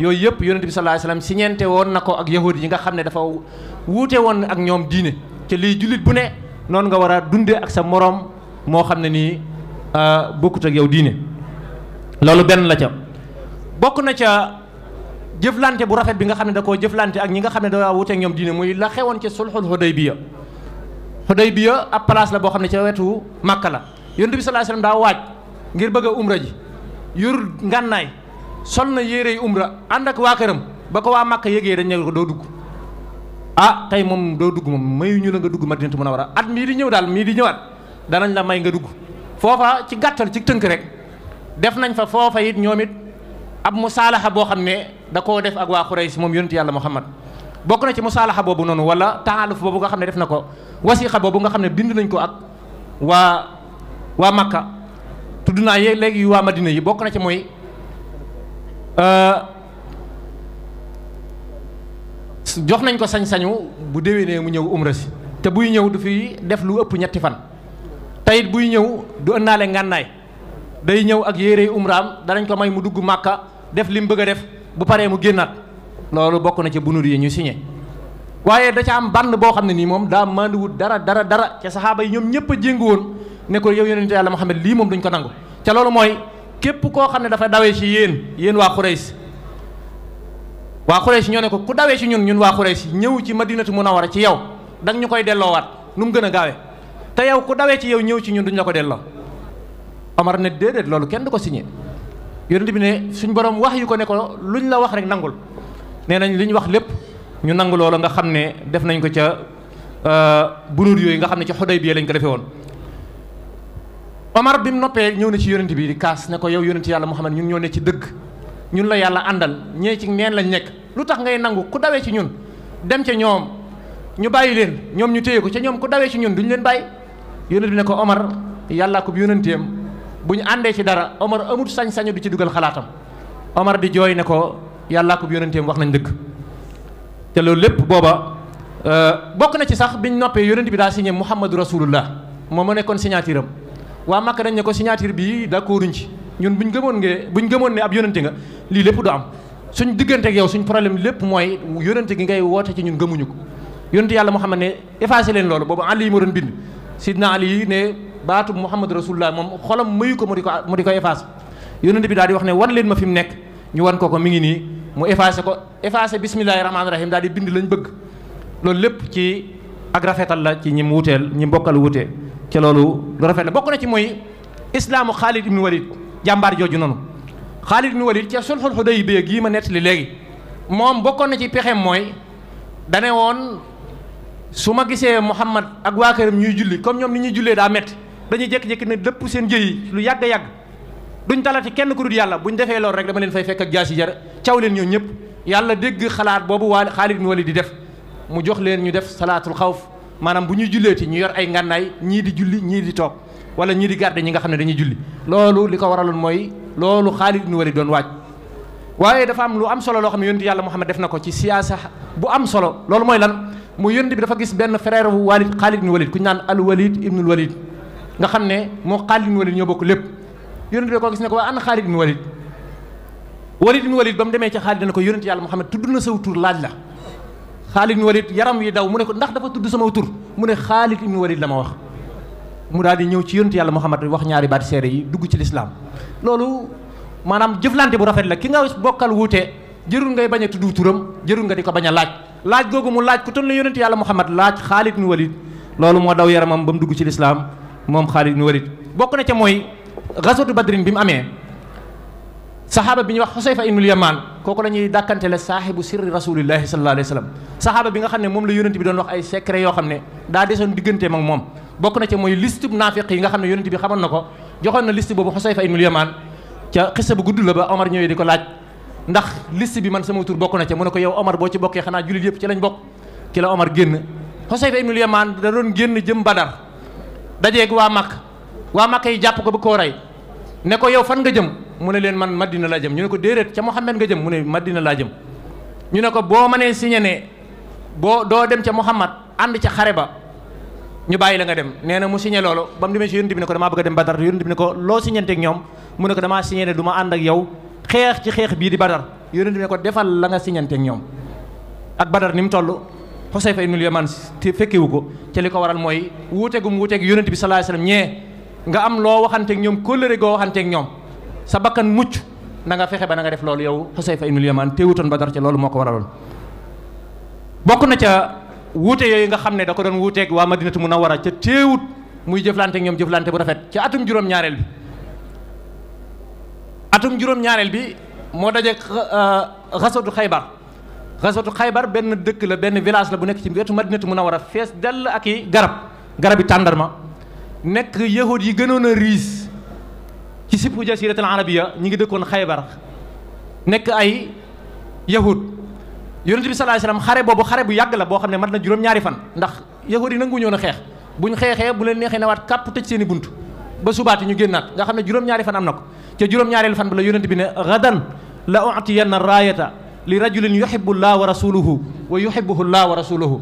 yooyu yëpp yonent bi sallallahu alayhi wasallam siñente woon na ko ak yahud yi nga xam ne dafa wuute woon ak ñoom diine te lii jullit bu ne noonu nga war a dundee ak sa moroom moo xam ne nii euh, bokkut ak yow diine loolu benn la ca bokk na ca jëflante bu rafet bi nga xam ne da koo jëflante ak ñi nga xam ne da wuute ak ñoom diine muy la xewoon ca sulxul Hudaybiya Hudaybiya ab place la boo xam ne ca wetu Makka la yonent bi sallallahu alayhi wasallam daa waaj ngir bëgg a umra ji yor ngànnaay sol na yére um umra ànd ak waa këram ba ko waa Màkka yëgee dañ ne ko doo dugg ah tey moom doo dugg moom ñu la nga dugg Madinatu Munawwara at mii di ñëw daal mii di ñëwaat danañ la may nga dugg foofa ci gàttal ci tënk rek def nañ fa foofa it ñoom it ab musaalaxa boo xam ne da koo def ak waa si moom yonent yàlla Muhammad bokk na ci musaalaxa boobu noonu wala taaluf boobu nga xam ne def na ko wasiixa boobu nga xam ne bind nañ ko ak waa waa Makka tudd naa yee léegi waa Madina yi bokk na ci mooy Euh, jox nañ ko sañ-sañu bu déwénee mu ñëw umra si te buy ñëw du fi def lu ëpp ñetti fan tayit buy ñëw du ëndaale ngànnaay day ñëw ak yére umraam danañ ko may mu dugg màkka def li mu bëgg def bu paree mu génnaat loolu bokk na ci bunur yi ñu siñe waaye da ca am bànn boo xam ne nii moom daa mandiwut dara dara dara ca saxaaba yi ñoom ñëpp a jéngu woon ne ko yow yonente yàlla Muhammad lii moom duñ ko nangu ca loolu mooy képp koo xam ne dafa dawee ci yéen yéen waa Xurays waa Xurays ñoo ne ko ku dawee ci ñun ñun waa si ñëw ci Madinatu Munawwara ci yow dang ñu koy delloowaat nu mu gën a gaawe te yow ku dawee ci yow ñëw ci ñun duñ la ko delloo Omar ne déedéet loolu kenn du ko signé yonent bi ne suñ borom wax yu ko ne ko luñ la wax rek nangul nee nañ ñu wax lépp ñu nangu loola nga xam ne def nañ ko ca euh, bunuur yooyu nga xam ne ci Xudaybiya lañ ko defee woon Omar bi mu noppee ñëw na ci yonent bi di kaas ne ko yow yonent yàlla Muhammad ñun ñoo ne ci dëgg ñun la yàlla àndal ñee ci neen lañ nekk lu tax ngay nangu ku dawee ci ñun dem ca ñoom ñu bàyyi leen ñoom ñu téye ko ca ñoom ku dawee ci ñun duñu leen bàyyi yonent bi ne ko Omar yàllaa ko yonenteem bu ñu àndee ci dara Omar amut sañ-sañu di ci dugal xalaatam Omar di jooy ne ko yàllaa ko yonenteem wax nañ dëgg te loolu lépp booba euh, bokk na ci sax biñ noppee yonent bi daa signé Muhammadu Rasulullah moo ma nekkoon signature am waa Màkka dañ ne ko signature bi d'accord uñ ci ñun buñ gëmoon ngee buñ gëmoon ne ab yónente nga lii lépp du am suñ diggante yow suñ problème lépp mooy yónente gi ngay woote ci ñun gëmuñu ko yónente yàlla Muhammad ne effacé leen loolu boobu Ali yi moo doon bind sidna Ali ne baatu Muhammad rasulullah moom xolam mayu ko mu di ko mu di ko effacé bi daal di wax ne wan leen ma fi mu nekk ñu wan ko ko mi ngi nii mu effacé ko effacé bismillahi rahmaani rahim daal di bind lañ bëgg loolu lépp ci ak rafetal la ci ñi mu wuteel ñi mbokkal wutee ca loolu rafet la bokk na ci mooy islaamu xaalid ibnu walid jàmbaar jooju noonu xaalid ibnu walid ca sulxul xudaybiya gii ma nettali léegi moom bokkoon na ci pexem mooy dane woon su ma gisee Muhammad ak waa këram ñuy julli comme ñoom ni ñuy jullee daa métti dañuy jékki-jékki ne dëpp seen jëyi lu yàgg a yàgg duñ talati kenn ku yàlla bu ñu defee loolu rek dama leen fay fekk ak jaasi jar caw leen ñoo ñëpp yàlla dégg xalaat boobu waa xaalid ibnu walid di def mu jox leen ñu def salaatul xawf maanaam bu ñuy julleeti ñu yor ay ngànnaay ñii di julli ñii di toog wala ñii di garde ñi nga xam ne dañuy julli loolu li ko waraloon mooy loolu Xaalid ibn Walid doon waaj waaye dafa am lu am solo loo xam ne yonent yàlla Muhammad def na ko ci siyaasa bu am solo loolu mooy lan mu yonent bi gis benn frère bu Walid Xaalid ibn Walid ku ñu al Walid ibn nga xam ne moo Xaalid ibn Walid ñoo bokk lépp yonent bi ko gis ne ko waa ana Xaalid ibn Walid Walid ibn Walid ba mu demee ci Xaalid ne ko yonent yàlla tudd na saw tur laaj la Xaalid ibn Walid yaram yi daw mu ne ko ndax dafa tudd sama tur mu ne Xaalid ibn Walid la ma wax mu daal di ñëw ci yonent yàlla Muhammad wax ñaari baati seere yi dugg ci lislaam loolu maanaam jëflante bu rafet la ki nga bokkal wuute jërul ngay bañ a tudd turam jërul nga di ko bañ a laaj laaj googu mu laaj ku toll ne yonent yàlla Muhammad laaj Xaalid ibn Walid loolu moo daw yaramam ba mu dugg ci lislaam moom Xaalid ibn Walid bokk na ca mooy gasatu badrin bi mu amee saxaaba bi ñuy wax xoseyfa ibnul yamaan kooku la ñuy dàkkantele saaxibu sirri rasulillahi sallallahu saxaaba bi nga xam ne moom la yonent bi doon wax ay secret yoo xam ne daa desoon digganteem ak moom bokk na ci mooy liste naafiq yi nga xam ne yonent bi xamoon na ko joxoon na liste boobu xoseyfa ibnul yamaan ca xissa bu gudd la ba omar ñëwee di ko laaj ndax liste bi man sama tur bokk na ca mu ne ko yow omar boo ci bokkee xanaa jullit yëpp ci lañ bokk ci la omar génn xoseyfa ibnul yamaan da doon génn jëm badar dajeeg waa mak waa mak yi jàpp ko ba koo rey ne ko yow fan nga jëm mu ne leen man Madina laa jëm ñu ne ko déedéet ca Mouhamed nga jëm mu ne Madina laa jëm ñu ne ko boo mënee signé ne boo doo dem ca Mouhamed ànd ca xare ba ñu bàyyi la nga dem nee na mu signé loolu ba mu ma si yonent bi ne ko dama bëgg a dem Badar yonent bi ne ko loo signante ak ñoom mu ne ko damaa signé ne du ma ànd ak yow xeex ci xeex bii di Badar yonent bi ne ko defal la nga signante ñoom ak Badar ni mu toll Xusayfa ibnul Yamaan te fekkewu ko ca li ko waral mooy wuute gum wuuteeg yonent bi sallallahu alayhi ñee nga am loo waxanteeg ñoom kóllëre goo waxanteeg ñoom sa bakkan mucc na nga fexe ba na nga def loolu yow Xusayfa ibnul Yamaan teewutoon ba dara ca loolu moo ko waraloon bokk na ca wuute yooyu nga xam ne da ko doon wuuteeg waa Madinatu wara ca teewut muy jëflante ak ñoom jëflante bu rafet ca atum juróom-ñaareel bi atum juróom-ñaareel bi moo daje xasatu euh, xaybar xasatu xaybar benn dëkk la benn village la bu nekk ci wetu Madinatu Munawwara fees dell ak i garab garab yi tàndarma nekk yahud yi gënoon a riis ci sibhu jasiratul arabiya ñi ngi dëkkoon xaybar nekk ay yahud yonent bi sallallahu alayhi wasallam xare boobu xare bu yàgg la boo xam ne mat na juróom-ñaari fan ndax yahud yi nangu ñoon a xeex buñ xeexee bu leen neexee nawaat kàpp tëj seeni i bunt ba subaati ñu génnaat nga xam ne juróom-ñaari fan am na ko ca juróom-ñaareelu fan ba la yonent bi ne gadan la utiyanna raayata li rajulin yuhibbu llah wa rasuluhu wa yuhibbuhu llah wa rasuluhu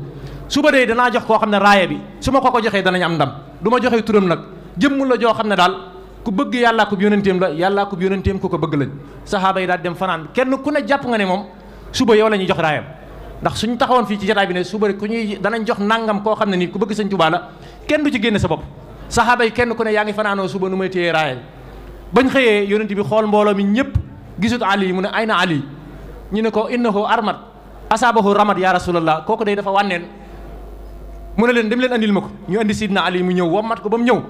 suba dee danaa jox koo xam ne raaya bi su ma ko ko joxee danañ am ndam du ma joxee turam nag jëmm la joo xam ne daal ku bëgg yàllaa ko yónenteem la yàllaa ko yónenteem ku ko bëgg lañ saxaaba yi daal dem fanaan kenn ku ne jàpp nga ne moom suba yow la ñuy jox raayam ndax suñu taxawoon fii ci jataay bi ne suba ku ñuy danañ jox nangam koo xam ne nii ku bëgg sañ Tuubaa la kenn du ci génne sa bopp saxaaba yi kenn ku ne yaa ngi fanaanoo suba nu may téyee raayam bañ xëyee yónente bi xool mbooloo mi ñëpp gisut ali mu ne ay na ali ñu ne ko innahu armat asaabahu ramat ya rasulallah kooku day dafa wànneen mu ne leen dem leen andil ma ko ñu andi sidna ali mu ñëw wommat ko ba mu ñëw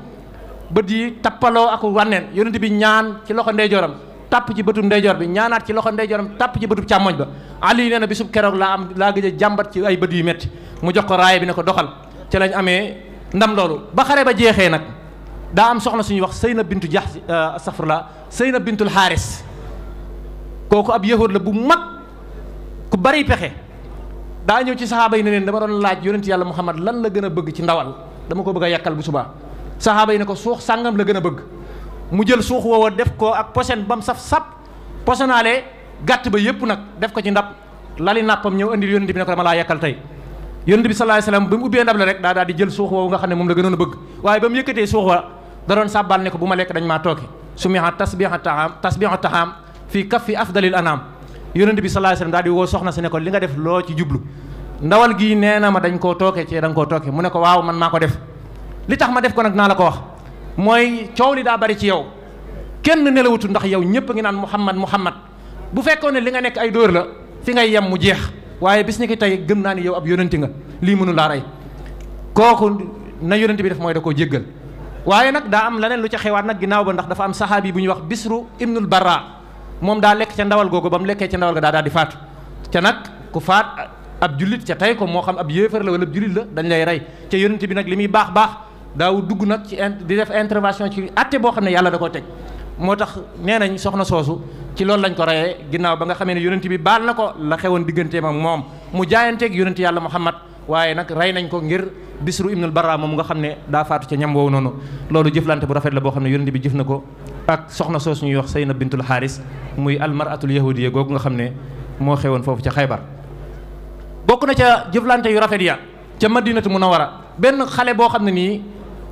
bët yi tappaloo ak wànneen yonent bi ñaan ci loxo ndeyjooram tàpp ci bëtub ndeyjoor bi ñaanaat ci loxo ndeyjooram tàpp ci bëtub càmmoñ ba ali nee na bisub keroog laa am laa gëj a jàmbat ci ay bët yu métti mu jox ko raaya bi ne ko doxal ci lañ amee ndam loolu ba xare ba jeexee nag daa am soxna suñuy wax sëy na bintu Jaxsi euh, astafurlah na bintul Xaaris kooku ab yahud la bu mag ku bari pexe daa ñëw ci saxaaba yi ne leen dama doon laaj yonent yàlla Muhammad lan la gën a bëgg ci ndawal dama ko bëgg a yàkkal saxaaba yi ne ko suux sàngam la gën a bëgg mu jël suux woowa def ko ak posen ba mu saf sap posenaale gàtt ba yépp nag def ko ci ndab lali nàppam ñëw indil yonent bi ne ko dama laa yekkal tey yonent bi sallallahu alayhi wasallam ba mu ubbee ndab la rek daa daal di jël suux woowu nga xam ne moom la gënoon a bëgg waaye ba mu yëkkatee suux wa da doon sàbbaal ne ko bu ma lekk dañ maa tooki sumiha tasbiha taam tasbiha taam fii kaffi afdalil anam yonent bi sallallahu alayhi wasallam daal di woo soxna ko li nga def loo ci jublu ndawal gii nee na ma dañ koo tooke ci da nga koo tooke mu ne ko waaw man maa ko def li tax ma def ko nag naa la ko wax mooy coow li daa bari ci yow kenn nelawutu ndax yow ñëpp ngi naan Muhammad Muhammad bu fekkoon ne li nga nekk ay dóor la fi ngay yem mu jeex waaye bis ni ki tey gën naa ni yow ab yonent nga lii mënu laa rey kooku na yonent bi def mooy da koo jéggal waaye nag daa am leneen lu ca xewaat nag ginnaaw ba ndax dafa am saxaabi bu ñuy wax bisru ibnul barra moom daa lekk ca ndawal googu ba mu lekkee ca ndawal daa daal di faatu ca nag ku faat ab jullit ca tey ko moo xam ab yéefar la wala ab la dañ lay rey ca yonent bi nag li muy baax baax daa dugg nag ci di def intervention ci atte boo xam ne yàlla da ko teg moo tax nee nañ soxna soosu ci loolu lañ ko reyee ginnaaw ba nga xamee ne yonent bi baal na ko la xewoon digganteem ak moom mu jaayanteeg yonent yàlla Muhammad waaye nag rey nañ ko ngir bisru ibnul barra moom nga xam ne daa faatu ca ñam woowu noonu loolu jëflante bu rafet la boo xam ne yonent bi jëf na ko ak soxna soosu ñuy wax Sayna bintul Xaaris muy almaratul yahudiya googu nga xam ne moo xewoon foofu ca Xaybar bokk na ca jëflante yu rafet ya ca Madinatu Munawara boo xam ne nii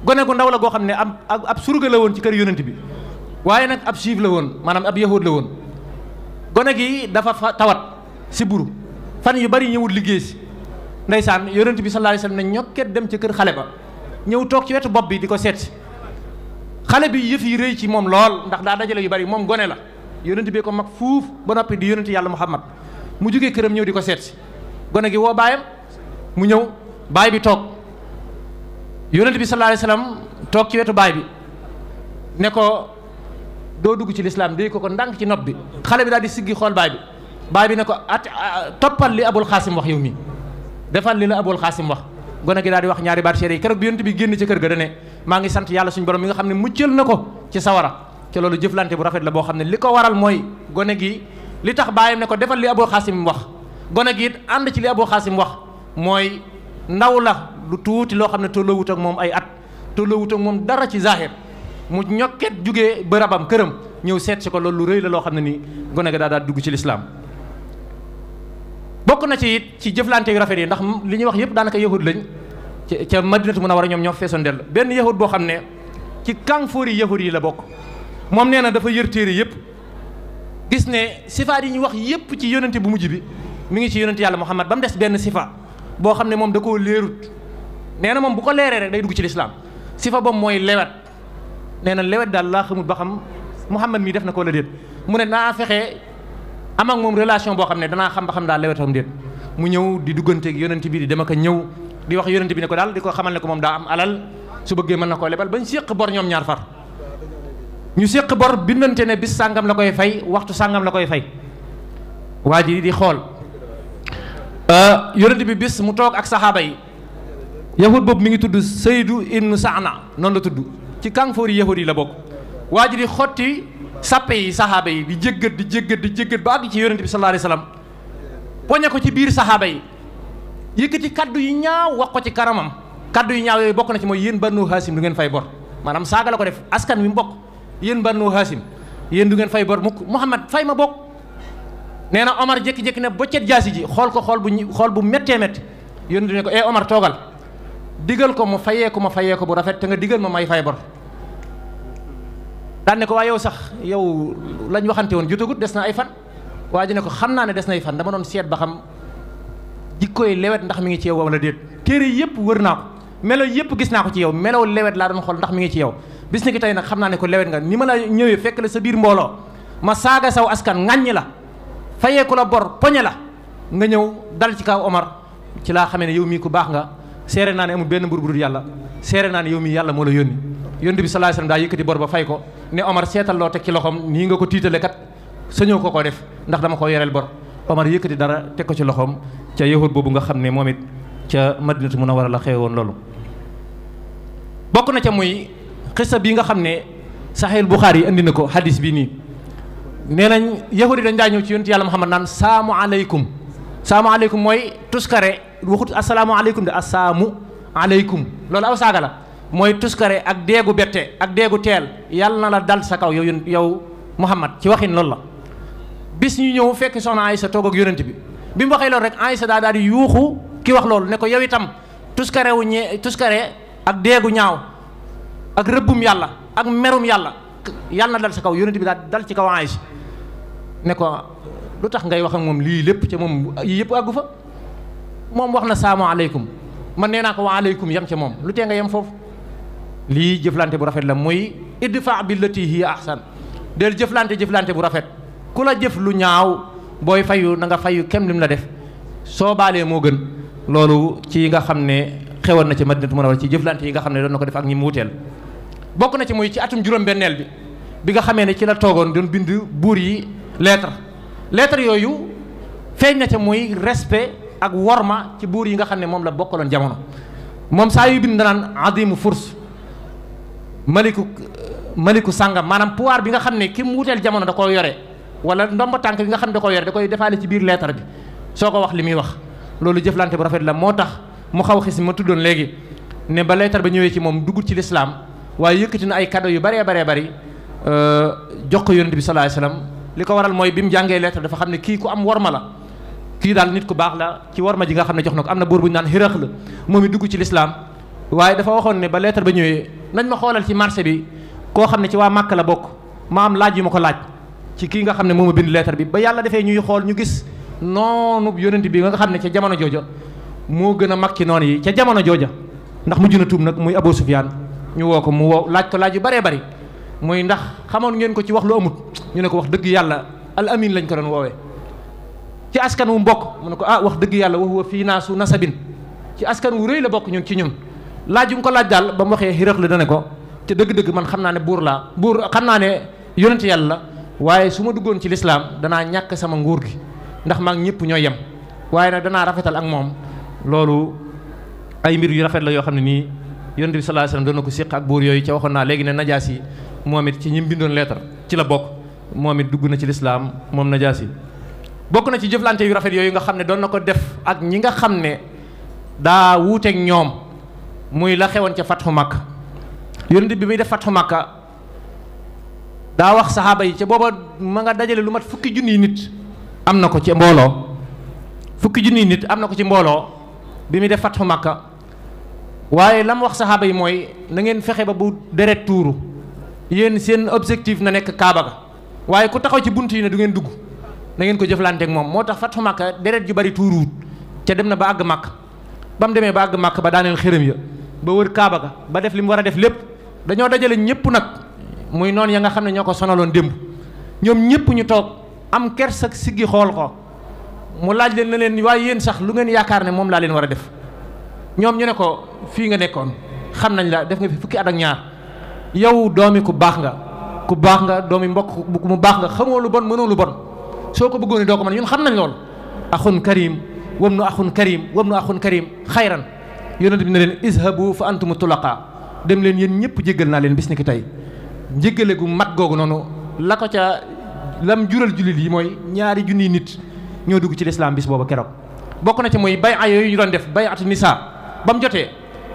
gone gu ndaw la goo xam ne ab ab surga la woon ci kër yonent bi waaye nag ab juif la woon maanaam ab yahud la woon gone gi dafa fa tawat si buru fan yu bari ñëwul liggéey si ndeysaan yonent bi sallallahu alayhi wasallam ne ñokket dem ci kër xale ba ñëw toog ci wetu bopp bi di ko seet xale bi yëf yi rëy ci moom lool ndax daa dajale yu bari moom gone la yonent bee ko mag fuuf ba noppi di yonent yàlla muhammad mu jógee këram ñëw di ko seet gone gi woo baayam mu ñëw baay bi toog yonent bi sallallahu alayhi toog ci wetu baay bi ne ko doo dugg ci lislaam déy ko ko ndànk ci nopp bi xale bi daal di siggi xool baay bi baay bi ne ko at toppal li abul xaasim wax yow mi defal li la abul xaasim wax gone gi daal di wax ñaari baat seere yi keroog bi yonent bi génn ci kër ga dane maa ngi sant yàlla suñu borom mi nga xam ne mu muccal na ko ci sawara ci loolu jëflante bu rafet la boo xam ne li ko waral mooy gone gi li tax baayam ne ko defal li abul xaasim wax gone gi ànd ci li abul xaasim wax mooy ndaw la lu tuuti loo xam ne tolloowut ak moom ay at tolloowut ak moom dara ci zahir mu ñokket jugee bërabam këram ñëw seet si ko loolu lu rëy la loo xam ne nii gone ga daa daal dugg ci lislaam bokk na ci it ci jëflante yu rafet yi ndax li ñuy wax yëpp daanaka yahud lañ ca madinatu munawara ñoom ñoo feesoon dell benn yahud boo xam ne ci kànfoori yahud yi la bokk moom nee na dafa yër téere yëpp gis ne sifaat yi ñu wax yëpp ci yonente bu mujj bi mu ngi ci yonente yàlla muhammad ba mu des benn sifa boo xam ne moom da koo léerut nee na moom bu ko leeree rek day dugg ci lislaam si fa boobu mooy lewet nee na lewet daal laa xamul ba xam Muhammad mii def na ko la déet mu ne naa fexe am ak moom relation boo xam ne danaa xam ba xam daal lewetam déet mu ñëw di dugganteeg yonent bi di dama ko ñëw di wax yonent bi ne ko daal di ko xamal ne ko moom daa am alal su bëggee mën na koo lebal bañ séq bor ñoom ñaar far ñu séq bor bindante ne bis sàngam la koy fay waxtu sàngam la koy fay waa ji di xool euh, yonent bi bis mu toog ak saxaaba yi yahud boobu mu ngi tudd Seydou Ibn Saana noonu la tudd ci kànfoor yi yahud yi la bokk waa ji di xotti sàppe yi saxaaba yi di jéggat di jéggat di jéggat ba àgg ci yonente bi sallallahu alayhi wasallam ci biir saxaaba yi yëkkati kaddu yi ñaaw wax ko ci karamam kaddu yi ñaaw yooyu bokk na ci mooy yéen bannu haasim du ngeen fay bor maanaam saaga la ko def askan wi mu bokk yéen bannu haasim yéen du ngeen fay bor mukk Muhammad fay ma bokk nee na Omar jékki-jékki ne boccet jaasi ji xool ko xool bu xool bu méttee métti yéen ko eh toogal digal ko mu fayee ma fayee ko bu rafet te nga digal ma may fay bor daan ko waaye yow sax yow lañ waxante woon jotagut des na ay fan waa ji ne ko xam naa ne des nay fan dama doon seet ba xam jikkoy lewet ndax mi ngi ci yow wala déet téere yëpp wër naa ko melo yëpp gis naa ko ci yow melow lewet laa doon xool ndax mi ngi ci yow bis ni ki tey nag xam naa ne ko lewet nga ni ma la ñëwee fekk la sa biir mbooloo ma saaga saw askan ŋàññi la fayeeku la bor poñe la nga ñëw dal ci kaw Omar ci laa xamee yow mii ku baax nga seere naa ne amul benn mbur bu dul yàlla seere naa ne yow mi yàlla moo la yónni yónni bi sallallahu alayhi wasallam daa yëkkati bor ba fay ko ne Omar seetal loo teg ci loxoom nii nga ko tiitale kat sañoo ko ko def ndax dama ko yoreel bor Omar yëkkati dara teg ko ci loxoom ca yahud boobu nga xam ne moom it ca war a la xewoon loolu bokk na ca muy xisa bii nga xam ne sa Sahih Bukhari yi indi na ko hadis bi nii nee nañ yahud yi dañ daa ñëw ci yonent yàlla Muhammad naan saamu aleykum saamu aleykum mooy tuskare waxut asalaamaaleykum de asaamu aleykum loolu aw saaga la mooy tuskare ak deegu bette ak deegu teel yàlla na la dal sa kaw yow yow yow Muhammad ci waxin lool la. bis ñu ñëw fekk soxna Aysa toog ak yonent bi bi mu waxee loolu rek Aysa daa daal di yuuxu ki wax loolu ne ko yow itam tuskare wu ak deegu ñaaw ak rëbbum yàlla ak merum yàlla yàlla na dal sa kaw yonent bi daal dal ci kaw Aysa ne ko lu tax ngay wax moom lii lépp ca moom yii àggu fa. moom wax na salaamaaleykum man nee naa ko waaleykum yem ca moom lu tee nga yem foofu lii jëflante bu rafet la muy idfa billati hiya ahsan del jëflante jëflante bu rafet ku la jëf lu ñaaw booy fayu na nga fayu kem lim la def soo baalee moo gën loolu ci nga xam ne xewoon na ci madinatu munawwara ci jëflante yi nga xam ne doon na ko def ak ñi mu wuteel bokk na ci muy ci atum juróom-benneel bi bi nga xamee ne ci la toogoon doon bind buur yi lettre lettre yooyu feeñ na ca muy respect ak worma ci buur yi nga xam ne moom la bokkaloon jamono moom saa yu bind danaan adimu furs maliku maliku sàngam maanaam pouvoir bi nga xam ne ki mu wuteel jamono da koo yore wala ndomba tànk bi nga xam ne da koo yore da koy defaale ci biir leetar bi soo ko wax li muy wax loolu jëflante bu rafet la moo tax mu xaw xis ma tuddoon léegi ne ba leetar ba ñëwee ci moom dugut ci lislaam waaye yëkkati na ay cadeau yu baree baree bari euh, jox ko yonent bi sallallahu alayhi li ko waral mooy bi mu jàngee leetar dafa xam ne kii ku am worma la kii daal nit ku baax la ci war ma ji nga xam ne jox na ko am na buur bu ñu naan xirax la moom it dugg ci lislaam waaye dafa waxoon ne ba lettre ba ñëwee nañ ma xoolal ci marché bi koo xam ne ci waa Màkka la bokk ma am laaj yu ma ko laaj ci kii nga xam ne moom a bind bi ba yàlla defee ñuy xool ñu gis noonu yonent bi nga xam ne ca jamono jooja moo gën a mag ci noonu yi ca jamono jooja ndax mujj na tuub nag muy Abu Sufyaan ñu woo ko mu wow laaj ko laaj yu bëree bari muy ndax xamoon ngeen ko ci wax lu amut ñu ne ko wax dëgg yàlla al amin lañ ko doon woowee ci askan wu mbokk mu ne ko ah wax dëgg yàlla wa huwa fii naasu nasabin ci askan wu rëy la bokk ñun ci ñun laaj yu mu ko laaj daal ba mu waxee xiraq la dane ko te dëgg-dëgg man xam naa ne buur laa buur xam naa ne yonent yàlla la waaye su ma duggoon ci lislaam danaa ñàkk sama nguur gi ndax maag ñëpp ñooy yem waaye nag danaa rafetal ak moom loolu ay mbir yu rafet la yoo xam ne nii yonent bi sallallahu alayhi wasallam doon na ko siq ak buur yooyu ca waxoon naa léegi ne najaas yi moom it ci ñi bindoon leetar ci la bokk moom it dugg na ci lislaam moom najaas yi bokk na ci jëflante yu rafet yooyu nga xam ne doon na ko def ak ñi nga xam ne daa wuuteeg ñoom muy la xewoon ca fatxu Makka yonent bi muy def fatxu Makka daa wax saxaaba yi ca booba ma nga dajale lu mat fukki junni nit am na ko ci mbooloo fukki junniy nit am na ko ci mbooloo bi muy def fatxu Makka waaye lam wax saxaaba yi mooy na ngeen fexe ba bu deret tuuru yéen seen objectif na nekk Kaaba ga waaye ku taxaw ci bunt yi ne du ngeen dugg na ngeen ko jëflanteek moom moo tax fat fatxu Makka deret ju bari tuuruwut ca dem na ba àgg Makka ba mu demee ba àgg Makka ba daaneel xërëm ya ba wër Kaaba ga ba def li mu war a def lépp dañoo dajale ñëpp nag muy noonu ya nga xam ne ñoo ko sonaloon démb ñoom ñëpp ñu toog am kers ak siggi xool ko mu laaj leen na leen waaye yéen sax lu ngeen yaakaar ne moom laa leen war a def ñoom ñu ne ko fii nga nekkoon xam nañ la def nga fi fukki at ak ñaar yow doomi ku baax nga ku baax nga doomi mbokk mu baax nga xamoo lu bon mënoo lu bon soo ko bëggoon doo ko mën ñun xam nañ lool axun karim wam nu axun karim wam nu axun karim xayran yonent bi na leen izhabu fa antum tulaqa dem leen yéen ñëpp jéggal naa leen bis ni ki tey njéggale gu mat googu noonu la ko ca lam jural jullit yi mooy ñaari junniy nit ñoo dugg ci lislaam bis booba keroog bokk na ci mooy bay a yooyu ñu doon def bay atu nisa ba mu jotee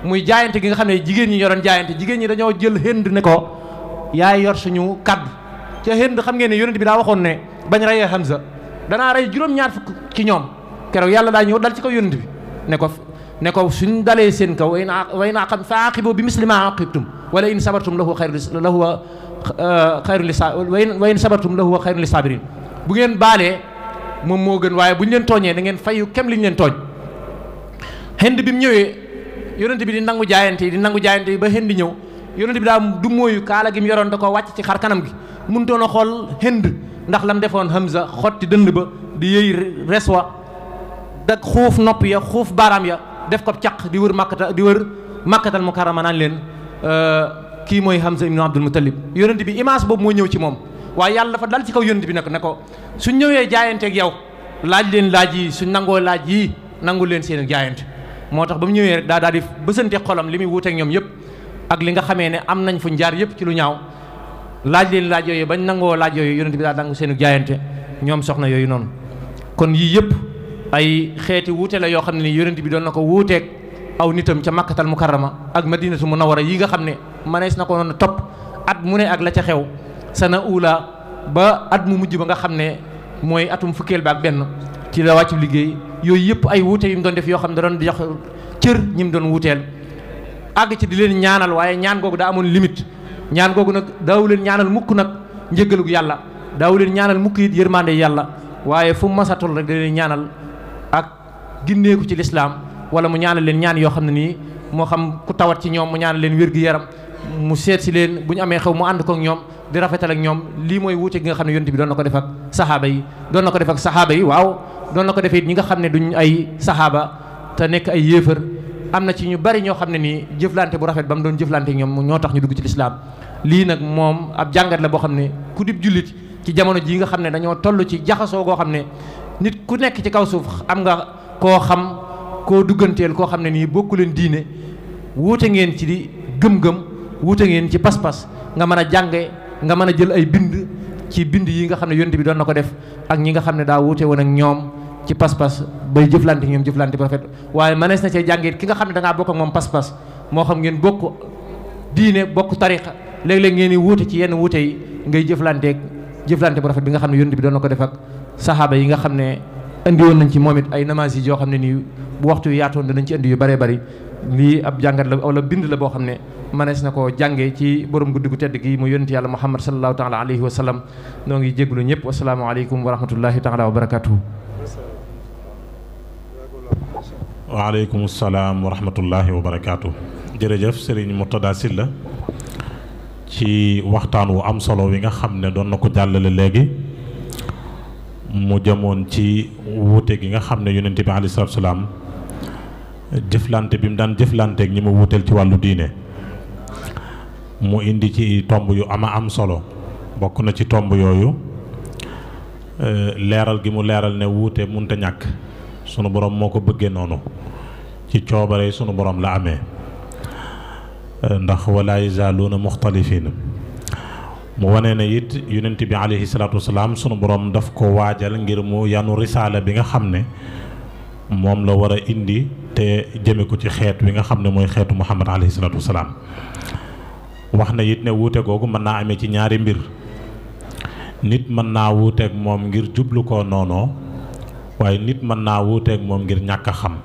muy jaayante gi nga xam ne jigéen ñi ñoo doon jaayante jigéen ñi dañoo jël hënd ne ko yaay yor suñu kaddu ca Hind xam ngeen ne yonent bi daa waxoon ne bañ reyee Hamza danaa rey juróom-ñaar fukk ci ñoom keroog yàlla daa ñëw dal ci kaw yonent bi ne ko ne ko suñ dalee seen kaw way naa way naa xam fa aqibu bi misli ma aqibtum wala in sabartum la huwa xayru la huwa euh, xayru li sa wa in sabartum la huwa xayru li sabirin bu ngeen baalee moom moo gën waaye bu ñu leen tooñee da ngeen fayu kem li ñu leen tooñ Hind bi mu ñëwee yonent bi di nangu jaayante yi di nangu jaayante yi ba Hind ñëw yonent bi daa du mooyu kaala gi mu yoroon da ko wàcc ci xar kanam gi doon a xool hind ndax lam defoon Hamza xotti dënd ba di yëy res wa dag xuuf nopp ya xuuf baaraam ya def ko caq di wër màkkata di wër màkkatal mukarrama naan leen euh, kii mooy Hamza ibnu Abdul Muttalib yonent bi image boobu moo ñëw ci moom waaye yàlla dafa dal ci kaw yonent bi nag ne ko su ñëwee jaayanteeg yow laaj leen laaj yi su nangoo laaj yi nangu leen seen jaayante moo tax ba mu ñëwee rek daa daal di bësante xolam li muy wuuteeg ñoom yëpp ak li xamee ne am nañ fu njaar yëpp ci lu ñaaw laaj leen laaj yooyu bañ nangoo laaj yooyu yonent bi nangu seenu jaayante ñoom soxna yooyu noonu kon yii yëpp ay xeeti wuute la yoo xam ne ni yonent bi doon na ko wuuteeg aw nitam ca makkatal mukarrama ak madinatu munawara yi nga xam ne manees na ko noonu topp at mu ne ak la ca xew sana uula ba at mu mujj ba nga xam ne mooy atum fukkeel ba ak benn ci la wàccu liggéey yooyu yëpp ay wuute yu mu doon def yoo xam ne da doon jox cër ñi mu doon wuuteel àgg ci di leen ñaanal waaye ñaan googu daa amoon limite ñaan googu nag daawu leen ñaanal mukk nag njëggalug yàlla daawu ñaanal mukk it yërmande yàlla waaye fu masatul rek da ñaanal ak ginneeku ci lislaam wala mu ñaanal leen ñaan yoo xam ne nii moo xam ku tawat ci ñoom mu ñaanal leen wér gu yaram mu seet si leen bu ñu amee xew mu ànd ko ak ñoom di rafetal ak ñoom lii mooy wute gi nga xam ne yonent bi doon na ko def ak saxaaba yi doon na ko def ak saxaaba yi waaw doon na ko defee ñi nga xam ne duñ ay saxaaba te nekk ay yéefar am na ci ñu bari ñoo xam ne nii jëflante bu rafet ba mu doon jëflante ñoom ñoo tax ñu dugg ci lislaam lii nag moom ab jàngat la boo xam ne ku dib jullit ci jamono jii nga xam ne dañoo toll ci jaxasoo goo xam ne nit ku nekk ci kaw suuf am nga koo xam koo dugganteel koo xam ne nii bokku leen diine wuute ngeen ci di gëm-gëm wuute ngeen ci pas-pas nga mën a jànge nga mën a jël ay bind ci bind yi nga xam ne yonent bi doon na ko def ak ñi nga xam ne daa wuute woon ak ñoom ci pas-pas bay jëflante ñoom jëflante bu rafet waaye mënees na cee jàngit ki nga xam ne da ngaa moom pas moo xam ngeen bokk diine bokk tariqa léeg-léeg ngeen di wuute ci yenn wute yi ngay jëflanteeg jëflante bu rafet bi nga xam ne yonent bi doon na ko def ak saxaaba yi nga xam ne indi woon nañ ci moom it ay namage yi yoo xam ne nii bu waxtu yu yaatoon nañ ci indi yu bëree bëri lii ab jàngat la wala bind la boo xam ne mënees na ko jàngee ci borom guddi gu tedd gi mu yonent yàlla muhammad sallallahu taala alayhi wa sallam noo ngi jéglu ñëpp wasalaamu aleykum wa rahmatullahi taala wa barakatuhu waaleykum salaam wa rahmatullahi wa barakatuh jërëjëf Serigne Murtada Sylla ci waxtaan wu am solo wi nga xam ne doon na ko jàllale léegi mu jëmoon ci wuute gi nga xam ne yonent bi alayhi salaatu salaam jëflante bi mu daan jëflanteek ñi mu wuuteel ci wàllu diine mu indi ci tomb yu ama am solo bokk na ci tomb yooyu leeral gi mu leeral ne wuute munta ñàkk sunu borom moo ko bëggee noonu ci coobare sunu borom la amee ndax wala yazaaluuna muxtalifiina mu wane na it yonent bi alayhi salaatu wasalaam sunu borom daf ko waajal ngir mu yanu risaala bi nga xam ne moom la war a indi te jëme ko ci xeet wi nga xam ne mooy xeetu muhammad alayhi salaatu wasalaam wax na it ne wuute googu mën naa amee ci ñaari mbir nit mën naa wuuteek moom ngir jublu ko noonoo waaye nit mën naa wuuteek moom ngir ñàkk a xam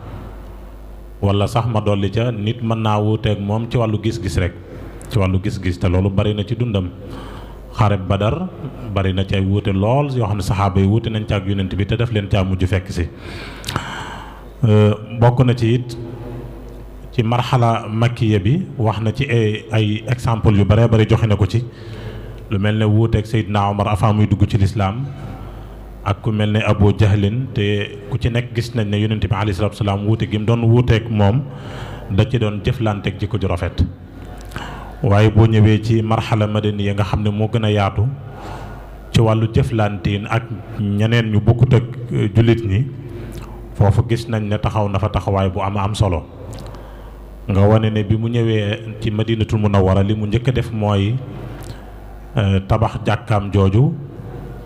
wala sax ma dolli ca nit mën naa wuuteeg moom ci wàllu gis-gis rek ci wàllu gis-gis te loolu bari na ci dundam xare badar bari na cay wuute lool yoo xam ne saxaaba yi wuute nañ ca ak yonent bi te def leen caa mujj fekk si bokk na ci it ci marxala makkiya bi wax na ci ay ay exemple yu baree bari joxe na ko ci lu mel ne wuuteeg Seydina Omar avant muy dugg ci lislaam ak ku mel ne Abu Jahlin te ku ci nekk gis nañ ne yonent bi alayhi salaatu salaam wuute gi mu doon wuuteeg moom da ci doon jëflanteeg jikko ju rafet waaye boo ñëwee ci marxala yi nga xam ne moo gën a yaatu ci wàllu jëflantiin ak ñeneen ñu bokkut ak e, jullit ñi foofu gis nañ ne taxaw na fa taxawaay bu am am solo nga wane ne bi mu ñëwee ci madinatul munawwara li mu njëkk a def mooy e, tabax jàkkaam jooju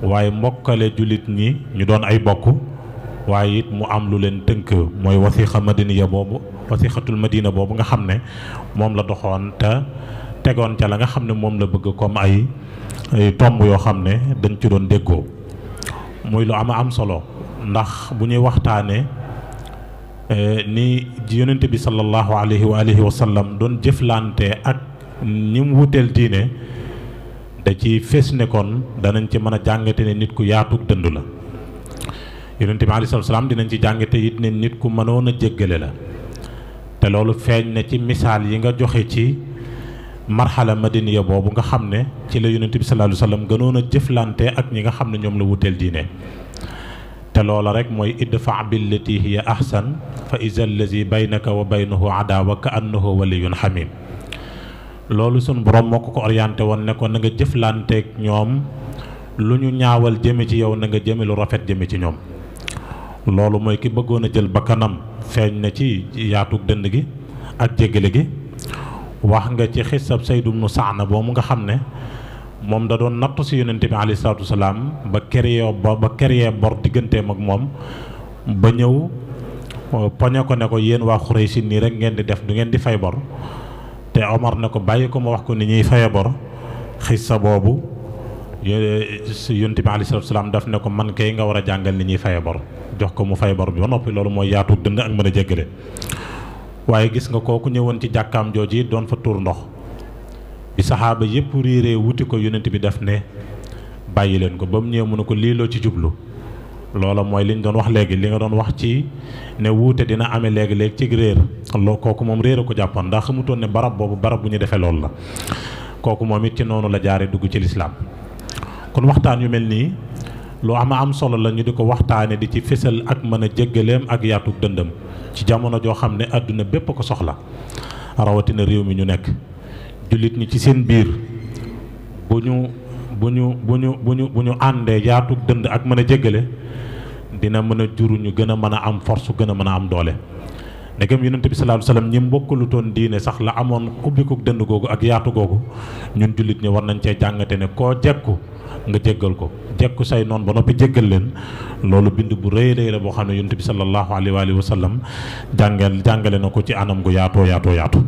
waaye mbokkale jullit ñi ñu doon ay bokk waaye it mu am lu leen tënk mooy wasiixa madiniya boobu wasiixatul madina boobu nga xam ne moom la doxoon te tegoon ca la nga xam ne moom la bëgg comme ay tomb yoo xam ne dañ ci doon déggoo muy lu ama am solo ndax bu ñuy waxtaanee ni yonente bi sallallahu alayhi wa alihi wa sallam doon jëflante ak ñi mu wuteel diine da ci fes ne kon danañ ci mën a jàngate ne nit ku yaatug dënd la yonente bi alayhi salaam dinañ ci jàngate it ne nit ku mënoon a jéggale la te loolu feeñ na ci misaal yi nga joxe ci marxala madiniya boobu nga xam ne ci la yonente bi sallallahu alayhi wasallam gënoon a jëflante ak ñi nga xam ne ñoom la wuteel diine te loola rek mooy idfa billati hiya ahsan fa iza allazi baynaka wa baynahu adawa ka annahu waliyun hamim loolu sunu borom moo ko ko orienté woon ne ko nanga nga jëflanteeg ñoom lu ñu ñaawal jëme ci yow na nga jëme lu rafet jëme ci ñoom loolu mooy ki bëggoon a jël kanam feeñ na ci yaatug dënd gi ak jéggale gi wax nga ci xisab Saydu ibnu boo mu nga xam ne moom da doon nattu si yonente bi alayhi salaatu wasalaam ba créé ba ba bor digganteem ak moom ba ñëw euh, poñe ko ne ko yéen waa Xuraysi nii rek ngeen di def du ngeen di fay bor te Omar ne ko bàyyi ko ma wax ko ni ñuy faye bor sa boobu yonent bi aleyhi salaatu salaam daf ne ko man kay nga war a jàngal ni ñuy faye bor jox ko mu fay bi ba noppi loolu mooy yaatu dënd ak mën a jéggale waaye gis nga kooku ñëwoon ci jàkkaam jooji doon fa tuur ndox bi saxaaba yépp réeree wuti ko yonent bi daf ne bàyyi leen ko ba mu ñëwee mu ne ko liiloo ci jublu loola mooy li ñu doon wax léegi li nga doon wax ci ne wuute dina amee léegi léeg ci réer loo kooku moom réer a ko jàppoon ndax xamutoon ne barab boobu barab bu ñu defee loolu la kooku moom it ci noonu la jaare dugg ci lislaam kon waxtaan yu mel nii lu a am solo la ñu di ko waxtaane di ci fésal ak mën a jéggaleem ak yaatug dëndam ci jamono joo xam ne àdduna bépp ko soxla rawatina réew mi ñu nekk jullit ñi ci seen biir bu ñu bu ñu bu ñu bu ñu bu ñu àndee yaatug dënd ak mën a jéggale dina mën a jur ñu gën a mën a am force gën a mën a am doole ndegam yonent bi sallallahu alayhi wasallam ñi mbokkalu toon diine sax la amoon xubbikuk dënd googu ak yaatu googu cee jàngate ne koo jekku nga jéggal ko jekku say noonu ba noppi jéggal leen loolu bind bu rëy rëy boo xam ne yonent bi sallallahu alayhi wa sallam jàngal jàngale na ko ci anam gu yaatoo yaatoo yaatu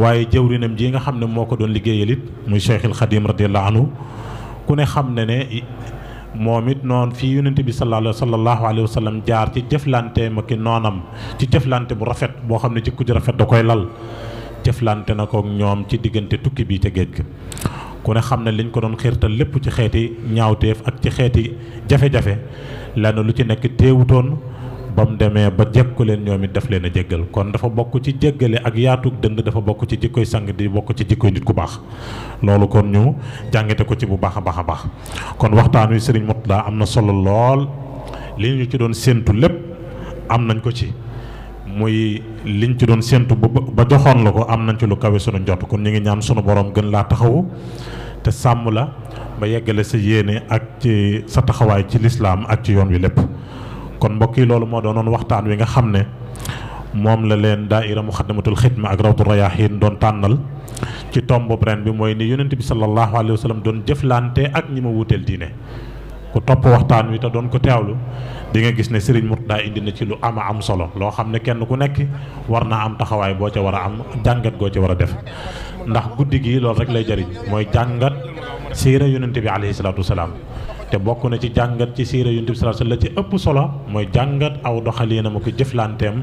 waaye jëwrinam ji nga xam ne moo ko doon liggéeyal it muy Cheikhul Xadim radiyallahu anhu ku ne xam ne ne moom it noonu fii yonent bi sallallahu alayhi wa sallam jaar ci jëflanteem ak noonam ci jëflante bu rafet boo xam ne ci jikko ji rafet da koy lal jëflante na ko ñoom ci diggante tukki bi ca géej ga ku ne xam ne liñ ko doon xiirtal lépp ci xeeti ñaawteef ak ci xeeti jafe-jafe lenn lu ci nekk teewutoon ba mu demee ba jekku leen ñoom it daf leen a jéggal kon dafa bokk ci jéggale ak yaatug dënd dafa bokk ci jikkoy sang di bokk ci jikkoy nit ku baax loolu kon ñu jàngite ko ci bu baax a baax a baax kon waxtaan wi sëriñ Mourtada am na solo lool li ñu ci doon séentu lépp am nañ ko ci muy liñ ci doon séentu ba joxoon la ko am nañ ci lu kawe sunu njot kon ñu ngi ñaan sunu borom gën laa taxawu te sàmm la ba yeggale sa yéene ak ci sa taxawaay ci lislaam ak ci yoon wi lépp kon mbokk yi loolu moo doonoon waxtaan wi nga xam ne moom la leen daa daaira muxaddamatul xidma ak rawdu rayahin doon tànnal ci tombu ren bi mooy ni yonent bi sallallahu alayhi wa sallam doon jëflante ak ñi ma wuuteel diine ku topp waxtaan wi te doon ko teewlu di nga gis ne Serigne Mourtada indi na ci lu ama am solo loo xam ne kenn ku nekk war naa am taxawaay boo ca war a am jàngat goo ca war a def ndax guddi gi loolu rek lay jëriñ mooy jàngat siira yonent bi alayhi salaatu wasalaam te bokk na ci jàngat ci siira yonent bi sallallahu alayhi la ci ëpp solo mooy jàngat aw doxaliinam ak jëflanteem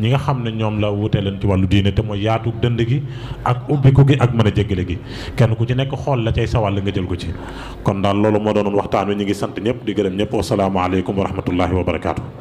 ñi nga xam ne ñoom la wutee leen ci wàllu diine te mooy yaatu dënd gi ak ubbiku gi ak mën a jéggale gi kenn ku ci nekk xool la cay sawal nga jël ko ci kon daal loolu moo doonoon waxtaan wi ñu ngi sant ñëpp di gërëm ñëpp wasalaamaaleykum wa rahmatullahi wa barakaatu.